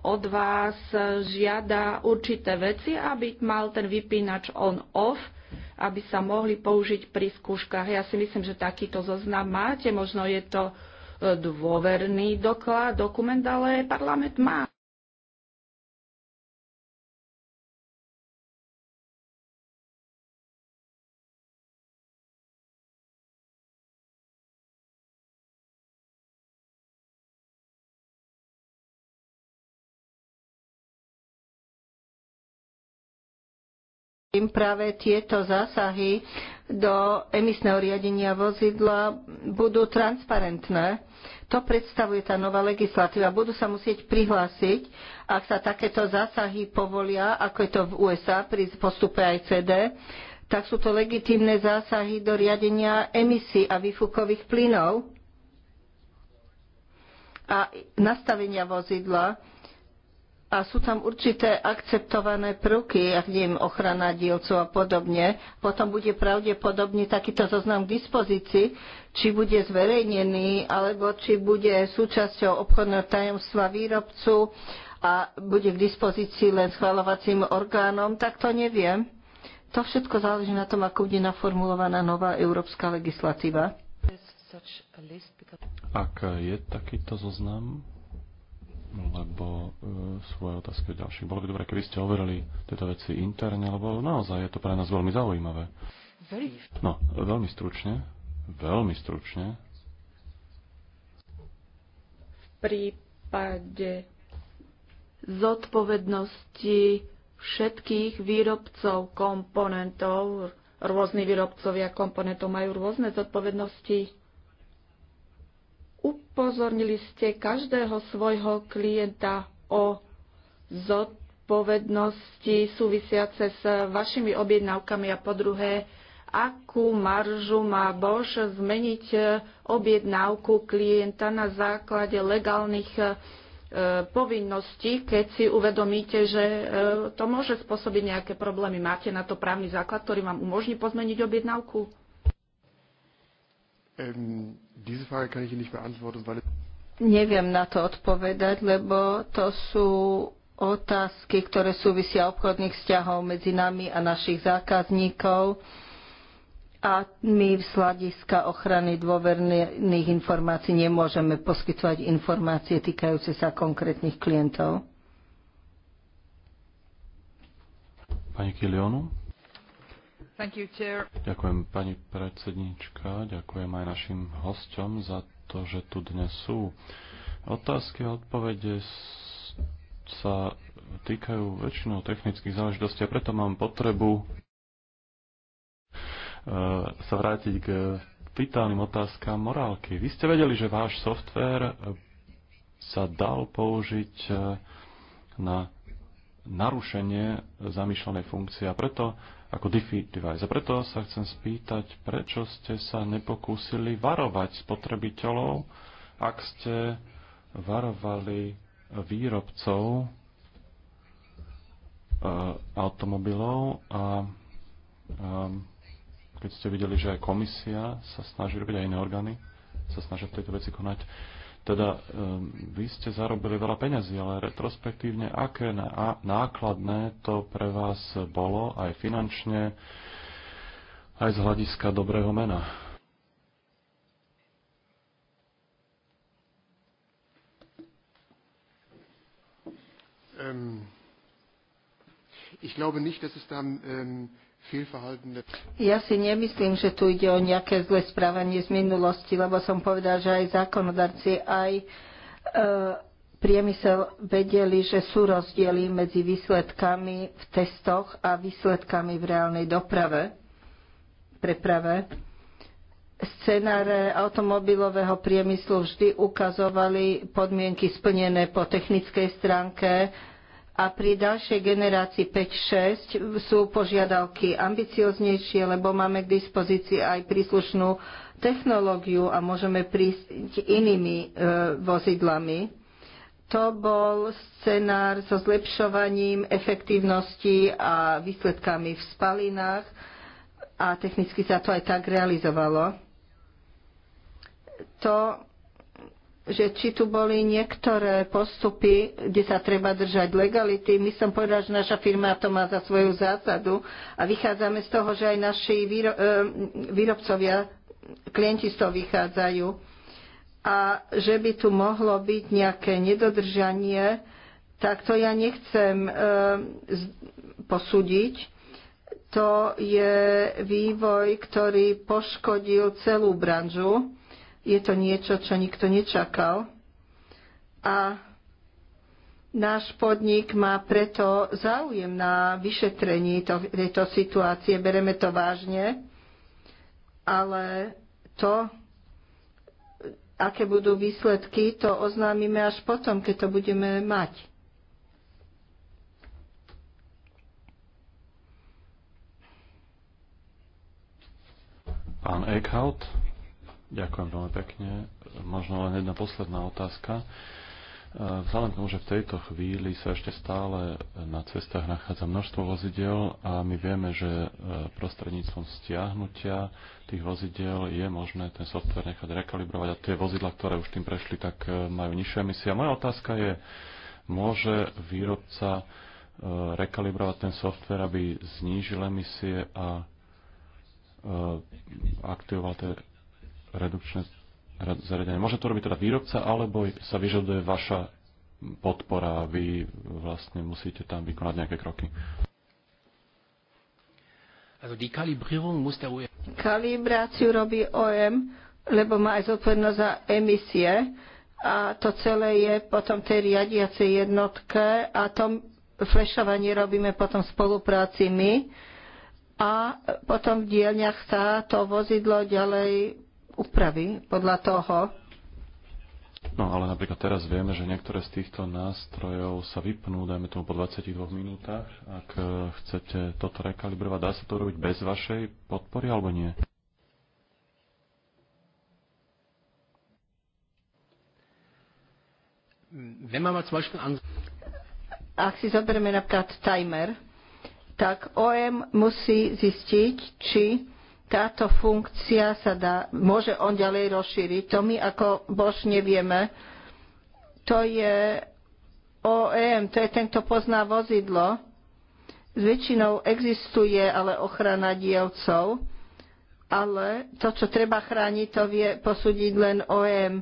od vás žiada určité veci, aby mal ten vypínač on-off, aby sa mohli použiť pri skúškach. Ja si myslím, že takýto zoznam máte. Možno je to e, dôverný doklad, dokument, ale parlament má práve tieto zásahy do emisného riadenia vozidla budú transparentné. To predstavuje tá nová legislatíva. Budú sa musieť prihlásiť, ak sa takéto zásahy povolia, ako je to v USA pri postupe aj CD, tak sú to legitímne zásahy do riadenia emisí a výfukových plynov a nastavenia vozidla a sú tam určité akceptované prvky, ak neviem, ochrana dielcov a podobne. Potom bude pravdepodobne takýto zoznam k dispozícii, či bude zverejnený, alebo či bude súčasťou obchodného tajomstva výrobcu a bude k dispozícii len schvalovacím orgánom, tak to neviem. To všetko záleží na tom, ako bude naformulovaná nová európska legislatíva. Ak je takýto zoznam, No, lebo e, svoje otázky od ďalších. Bolo by dobré, keby ste overili tieto veci interne, lebo naozaj je to pre nás veľmi zaujímavé. No, veľmi stručne. Veľmi stručne. V prípade zodpovednosti všetkých výrobcov komponentov, rôzni výrobcovia komponentov majú rôzne zodpovednosti upozornili ste každého svojho klienta o zodpovednosti súvisiace s vašimi objednávkami a po druhé, akú maržu má Bož zmeniť eh, objednávku klienta na základe legálnych eh, povinností, keď si uvedomíte, že eh, to môže spôsobiť nejaké problémy. Máte na to právny základ, ktorý vám umožní pozmeniť objednávku? Diese Frage kann ich Ihnen nicht beantworten, weil Neviem na to odpovedať, lebo to sú otázky, ktoré súvisia obchodných vzťahov medzi nami a našich zákazníkov a my z hľadiska ochrany dôverných informácií nemôžeme poskytovať informácie týkajúce sa konkrétnych klientov. Pani Kilionu? ďakujem pani predsednička, ďakujem aj našim hostom za to, že tu dnes sú. Otázky a odpovede sa týkajú väčšinou technických záležitostí a preto mám potrebu eh, sa vrátiť k vitálnym otázkam morálky. Vy ste vedeli, že váš software sa dal použiť eh, na narušenie zamýšľanej funkcie a preto ako defeat device. A preto sa chcem spýtať, prečo ste sa nepokúsili varovať spotrebiteľov, ak ste varovali výrobcov eh, automobilov a eh, keď ste videli, že aj komisia sa snaží robiť, aj iné orgány sa snažia v tejto veci konať. Teda ehm, vy ste zarobili veľa peňazí, ale retrospektívne, aké nákladné to pre vás bolo aj finančne, aj z hľadiska dobrého mena? Ehm, ich glaube nicht, dass es da ehm, ja si nemyslím, že tu ide o nejaké zlé správanie z minulosti, lebo som povedal, že aj zákonodarci, aj e, priemysel vedeli, že sú rozdiely medzi výsledkami v testoch a výsledkami v reálnej doprave, preprave. Scenáre automobilového priemyslu vždy ukazovali podmienky splnené po technickej stránke, a pri ďalšej generácii 5-6 sú požiadavky ambicioznejšie, lebo máme k dispozícii aj príslušnú technológiu a môžeme prísť inými e, vozidlami. To bol scenár so zlepšovaním efektívnosti a výsledkami v spalinách a technicky sa to aj tak realizovalo. To že či tu boli niektoré postupy, kde sa treba držať legality. My som povedala, že naša firma to má za svoju zásadu a vychádzame z toho, že aj naši výro, e, výrobcovia, klienti z toho vychádzajú. A že by tu mohlo byť nejaké nedodržanie, tak to ja nechcem e, posúdiť. To je vývoj, ktorý poškodil celú branžu je to niečo, čo nikto nečakal. A náš podnik má preto záujem na vyšetrení tejto situácie. Bereme to vážne, ale to, aké budú výsledky, to oznámime až potom, keď to budeme mať. Pán Eckhout. Ďakujem veľmi pekne. Možno len jedna posledná otázka. Vzhľadom k tomu, že v tejto chvíli sa ešte stále na cestách nachádza množstvo vozidel a my vieme, že e, prostredníctvom stiahnutia tých vozidel je možné ten software nechať rekalibrovať a tie vozidla, ktoré už tým prešli, tak e, majú nižšie emisie. A moja otázka je, môže výrobca e, rekalibrovať ten software, aby znížil emisie a aktivoval tie redukčné zariadenie. Môže to robiť teda výrobca, alebo sa vyžaduje vaša podpora a vy vlastne musíte tam vykonať nejaké kroky? E Kalibráciu robí OM, e lebo má aj zodpovednosť za emisie a to celé je potom tej riadiacej jednotke a to flešovanie robíme potom v spolupráci my a potom v dielňach sa to vozidlo ďalej upraví podľa toho. No ale napríklad teraz vieme, že niektoré z týchto nástrojov sa vypnú, dajme tomu po 22 minútach. Ak e, chcete toto rekalibrovať, dá sa to robiť bez vašej podpory alebo nie? Ak si zoberieme napríklad timer, tak OM musí zistiť, či táto funkcia sa dá, môže on ďalej rozšíriť. To my ako Bož nevieme. To je OEM, to je ten, kto pozná vozidlo. S väčšinou existuje ale ochrana dielcov, ale to, čo treba chrániť, to vie posúdiť len OEM.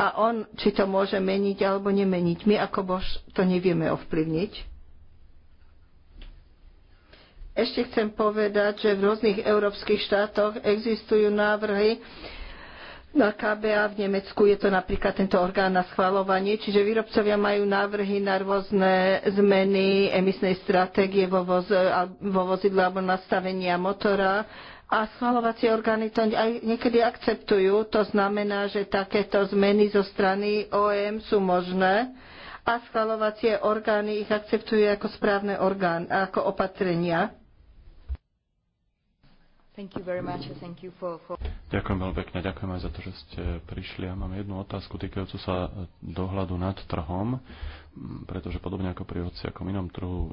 A on, či to môže meniť alebo nemeniť. My ako Bož to nevieme ovplyvniť. Ešte chcem povedať, že v rôznych európskych štátoch existujú návrhy na KBA v Nemecku je to napríklad tento orgán na schvalovanie, čiže výrobcovia majú návrhy na rôzne zmeny emisnej stratégie vo, voz, vo vozidle alebo nastavenia motora a schvalovacie orgány to aj niekedy akceptujú. To znamená, že takéto zmeny zo strany OEM sú možné a schvalovacie orgány ich akceptujú ako správne orgán, ako opatrenia. Ďakujem veľmi pekne, ďakujem aj za to, že ste prišli. Ja mám jednu otázku týkajúcu sa dohľadu nad trhom, pretože podobne ako pri ako inom trhu e,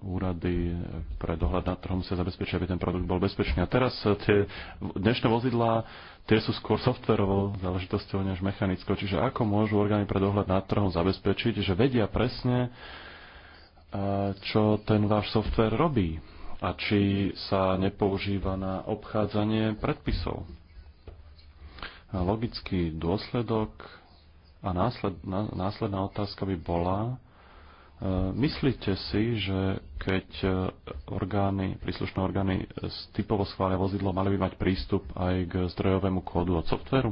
úrady pre dohľad nad trhom sa zabezpečia, aby ten produkt bol bezpečný. A teraz tie dnešné vozidlá, tie sú skôr softverovou záležitosťou než mechanickou. Čiže ako môžu orgány pre dohľad nad trhom zabezpečiť, že vedia presne, e, čo ten váš software robí? a či sa nepoužíva na obchádzanie predpisov. Logický dôsledok a násled, následná otázka by bola, e, Myslíte si, že keď e, orgány, príslušné orgány e, typovo schvália vozidlo, mali by mať prístup aj k zdrojovému kódu od softveru?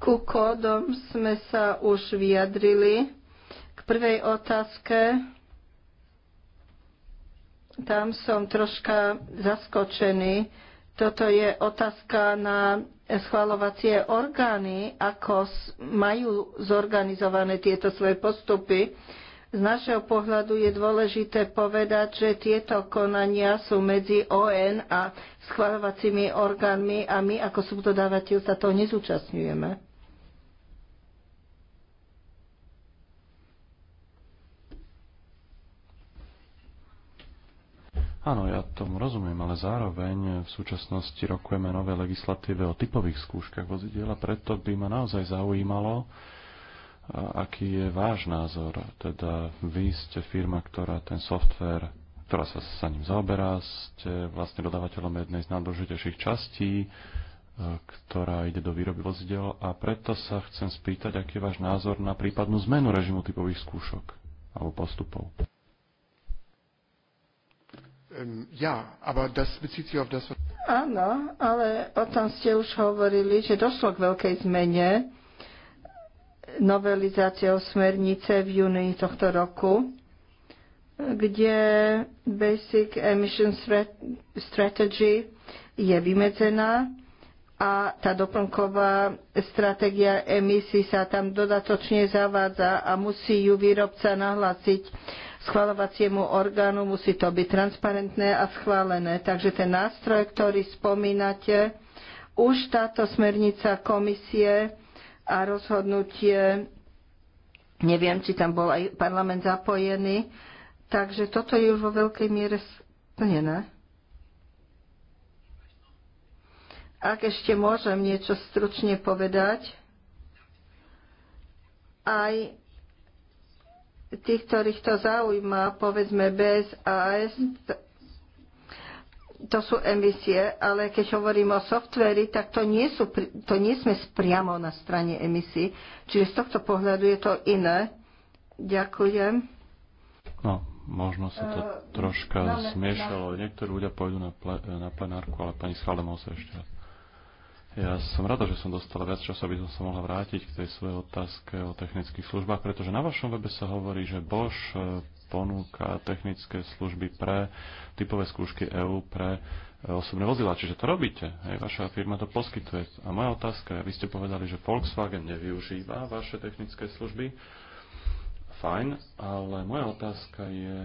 Ku kódom sme sa už vyjadrili. K prvej otázke tam som troška zaskočený. Toto je otázka na schvalovacie orgány, ako majú zorganizované tieto svoje postupy. Z našeho pohľadu je dôležité povedať, že tieto konania sú medzi ON a schváľovacími orgánmi a my ako subdodávateľ sa toho nezúčastňujeme. Áno, ja tomu rozumiem, ale zároveň v súčasnosti rokujeme nové legislatíve o typových skúškach vozidiel a preto by ma naozaj zaujímalo, a aký je váš názor. Teda vy ste firma, ktorá ten softver, ktorá sa sa ním zaoberá, ste vlastne dodávateľom jednej z najdôležitejších častí, e, ktorá ide do výroby vozidel a preto sa chcem spýtať, aký je váš názor na prípadnú zmenu režimu typových skúšok alebo postupov. Ja, aber das bezieht sich auf das... Áno, ale o tom ste už hovorili, že došlo k veľkej zmene novelizáciou smernice v júni tohto roku, kde Basic Emission Strategy je vymedzená a tá doplnková stratégia emisí sa tam dodatočne zavádza a musí ju výrobca nahlásiť schvalovaciemu orgánu, musí to byť transparentné a schválené. Takže ten nástroj, ktorý spomínate, už táto smernica komisie a rozhodnutie, neviem, či tam bol aj parlament zapojený, takže toto je už vo veľkej miere splnené. Ak ešte môžem niečo stručne povedať, aj tých, ktorých to zaujíma, povedzme BSAS, to sú emisie, ale keď hovorím o softvery, tak to nie, sú, to nie sme priamo na strane emisí. Čiže z tohto pohľadu je to iné. Ďakujem. No, možno sa to uh, troška smiešalo. zmiešalo. Niektorí ľudia pôjdu na, ple, na plenárku, ale pani sa ešte raz. Ja som rada, že som dostala viac času, aby som sa mohla vrátiť k tej svojej otázke o technických službách, pretože na vašom webe sa hovorí, že Bosch e, ponúka technické služby pre typové skúšky EÚ pre e, osobné vozidla. Čiže to robíte, hej, vaša firma to poskytuje. A moja otázka je, vy ste povedali, že Volkswagen nevyužíva vaše technické služby. Fajn, ale moja otázka je,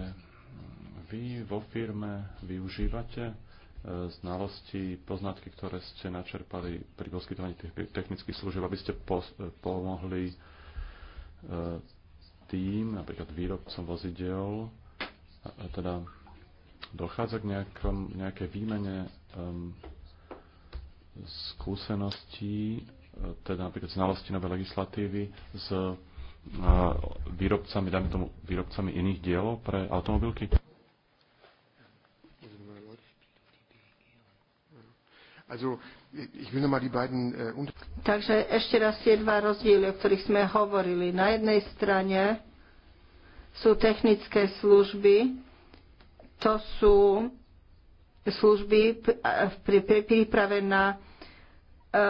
vy vo firme využívate e, znalosti, poznatky, ktoré ste načerpali pri poskytovaní tých technických služieb, aby ste e, pomohli tým, napríklad výrobcom vozidel, teda dochádza k nejakom, nejaké výmene um, skúseností, teda napríklad znalosti novej legislatívy s uh, výrobcami, dajme tomu, výrobcami iných dielov pre automobilky? Äh, Takže ešte raz tie dva rozdiely, o ktorých sme hovorili. Na jednej strane sú technické služby, to sú služby pri príprave na e,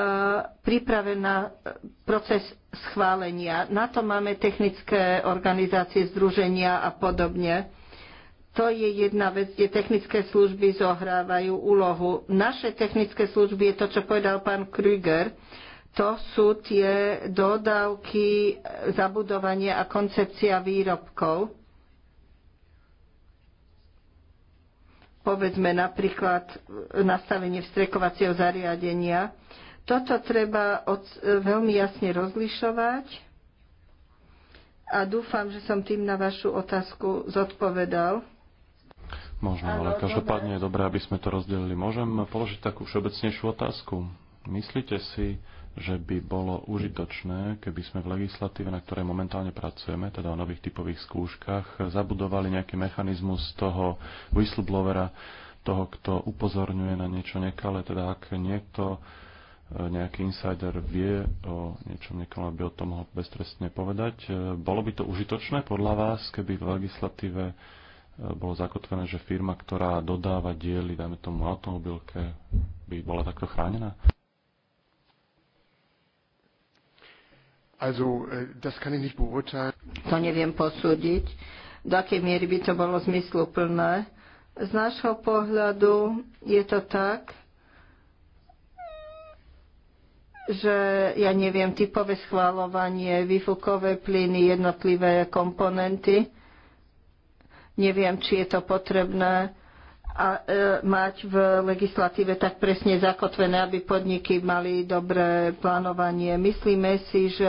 príprave na e, proces schválenia. Na to máme technické organizácie, združenia a podobne. To je jedna vec, kde technické služby zohrávajú úlohu. Naše technické služby je to, čo povedal pán Krüger. To sú tie dodávky, e, zabudovanie a koncepcia výrobkov. Povedzme napríklad e, nastavenie vstrekovacieho zariadenia. Toto treba od, e, veľmi jasne rozlišovať. A dúfam, že som tým na vašu otázku zodpovedal. Možno, ale každopádne je dobré, aby sme to rozdelili. Môžem položiť takú všeobecnejšiu otázku. Myslíte si, že by bolo užitočné, keby sme v legislatíve, na ktorej momentálne pracujeme, teda o nových typových skúškach, zabudovali nejaký mechanizmus toho whistleblowera, toho, kto upozorňuje na niečo nekalé, teda ak niekto, e, nejaký insider vie o niečom nekalé, by o tom mohol beztrestne povedať. E, bolo by to užitočné podľa vás, keby v legislatíve bolo zakotvené, že firma, ktorá dodáva diely, dajme tomu automobilke, by bola takto chránená? Also, äh, das kann ich nicht beurteilen. To neviem posúdiť, do akej miery by to bolo zmysluplné. Z nášho pohľadu je to tak, že ja neviem, typové schváľovanie, výfukové plyny, jednotlivé komponenty, Neviem, či je to potrebné a, e, mať v legislatíve tak presne zakotvené, aby podniky mali dobré plánovanie. Myslíme si, že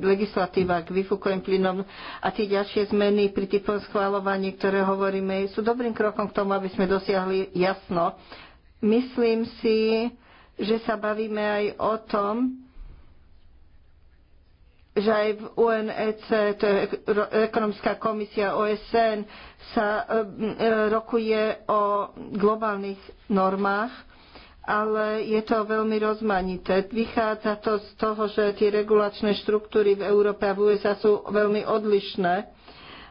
legislatíva k vyfúkovým plynom a tie ďalšie zmeny pri typom schváľovaní, ktoré hovoríme, sú dobrým krokom k tomu, aby sme dosiahli jasno. Myslím si, že sa bavíme aj o tom, že aj v UNEC, to je ekonomická komisia OSN, sa e, e, rokuje o globálnych normách, ale je to veľmi rozmanité. Vychádza to z toho, že tie regulačné štruktúry v Európe a v USA sú veľmi odlišné.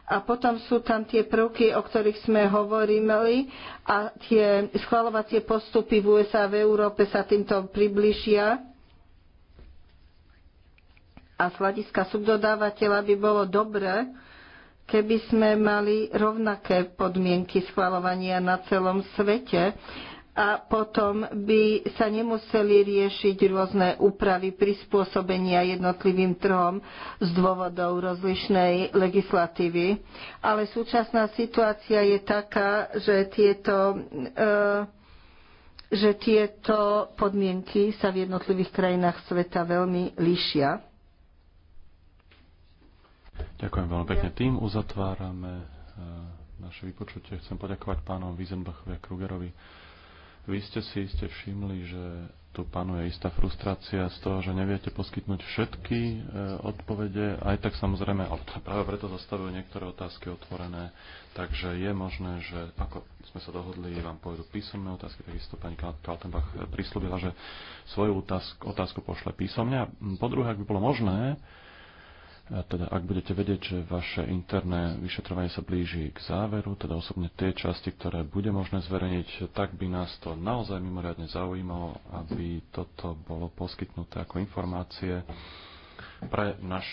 A potom sú tam tie prvky, o ktorých sme hovorili a tie schvalovacie postupy v USA a v Európe sa týmto približia a z hľadiska subdodávateľa by bolo dobré, keby sme mali rovnaké podmienky schvalovania na celom svete a potom by sa nemuseli riešiť rôzne úpravy prispôsobenia jednotlivým trhom z dôvodov rozlišnej legislatívy. Ale súčasná situácia je taká, že tieto, e, že tieto podmienky sa v jednotlivých krajinách sveta veľmi líšia. Ďakujem veľmi pekne. Tým uzatvárame eh, naše vypočutie. Chcem poďakovať pánom Wiesenbachovi a Krugerovi. Vy ste si ste všimli, že tu panuje istá frustrácia z toho, že neviete poskytnúť všetky e, odpovede. Aj tak samozrejme, ale práve preto zostavujú niektoré otázky otvorené. Takže je možné, že ako sme sa dohodli, vám pôjdu písomné otázky. Takisto pani Kaltenbach eh, prislúbila, že svoju otázku, otázku pošle písomne. A po druhé, ak by bolo možné, teda ak budete vedieť, že vaše interné vyšetrovanie sa blíži k záveru, teda osobne tie časti, ktoré bude možné zverejniť, tak by nás to naozaj mimoriadne zaujímalo, aby toto bolo poskytnuté ako informácie pre naš,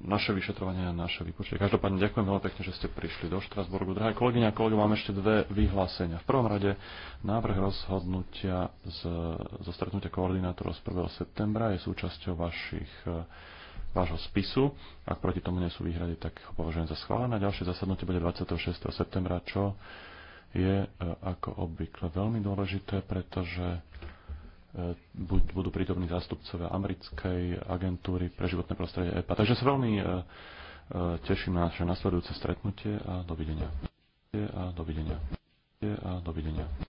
naše vyšetrovanie a naše vypočutie. Každopádne ďakujem veľmi pekne, že ste prišli do Štrasburgu. Drahé kolegyne a kolegy, mám ešte dve vyhlásenia. V prvom rade návrh rozhodnutia z, zo stretnutia koordinátorov z 1. septembra je súčasťou vašich vášho spisu. Ak proti tomu nie sú výhrady, tak ho považujem za schválené. Ďalšie zasadnutie bude 26. septembra, čo je e, ako obvykle veľmi dôležité, pretože e, budú prítomní zástupcovia americkej agentúry pre životné prostredie EPA. Takže sa veľmi e, teším na naše nasledujúce stretnutie a dovidenia. A dovidenia. A dovidenia.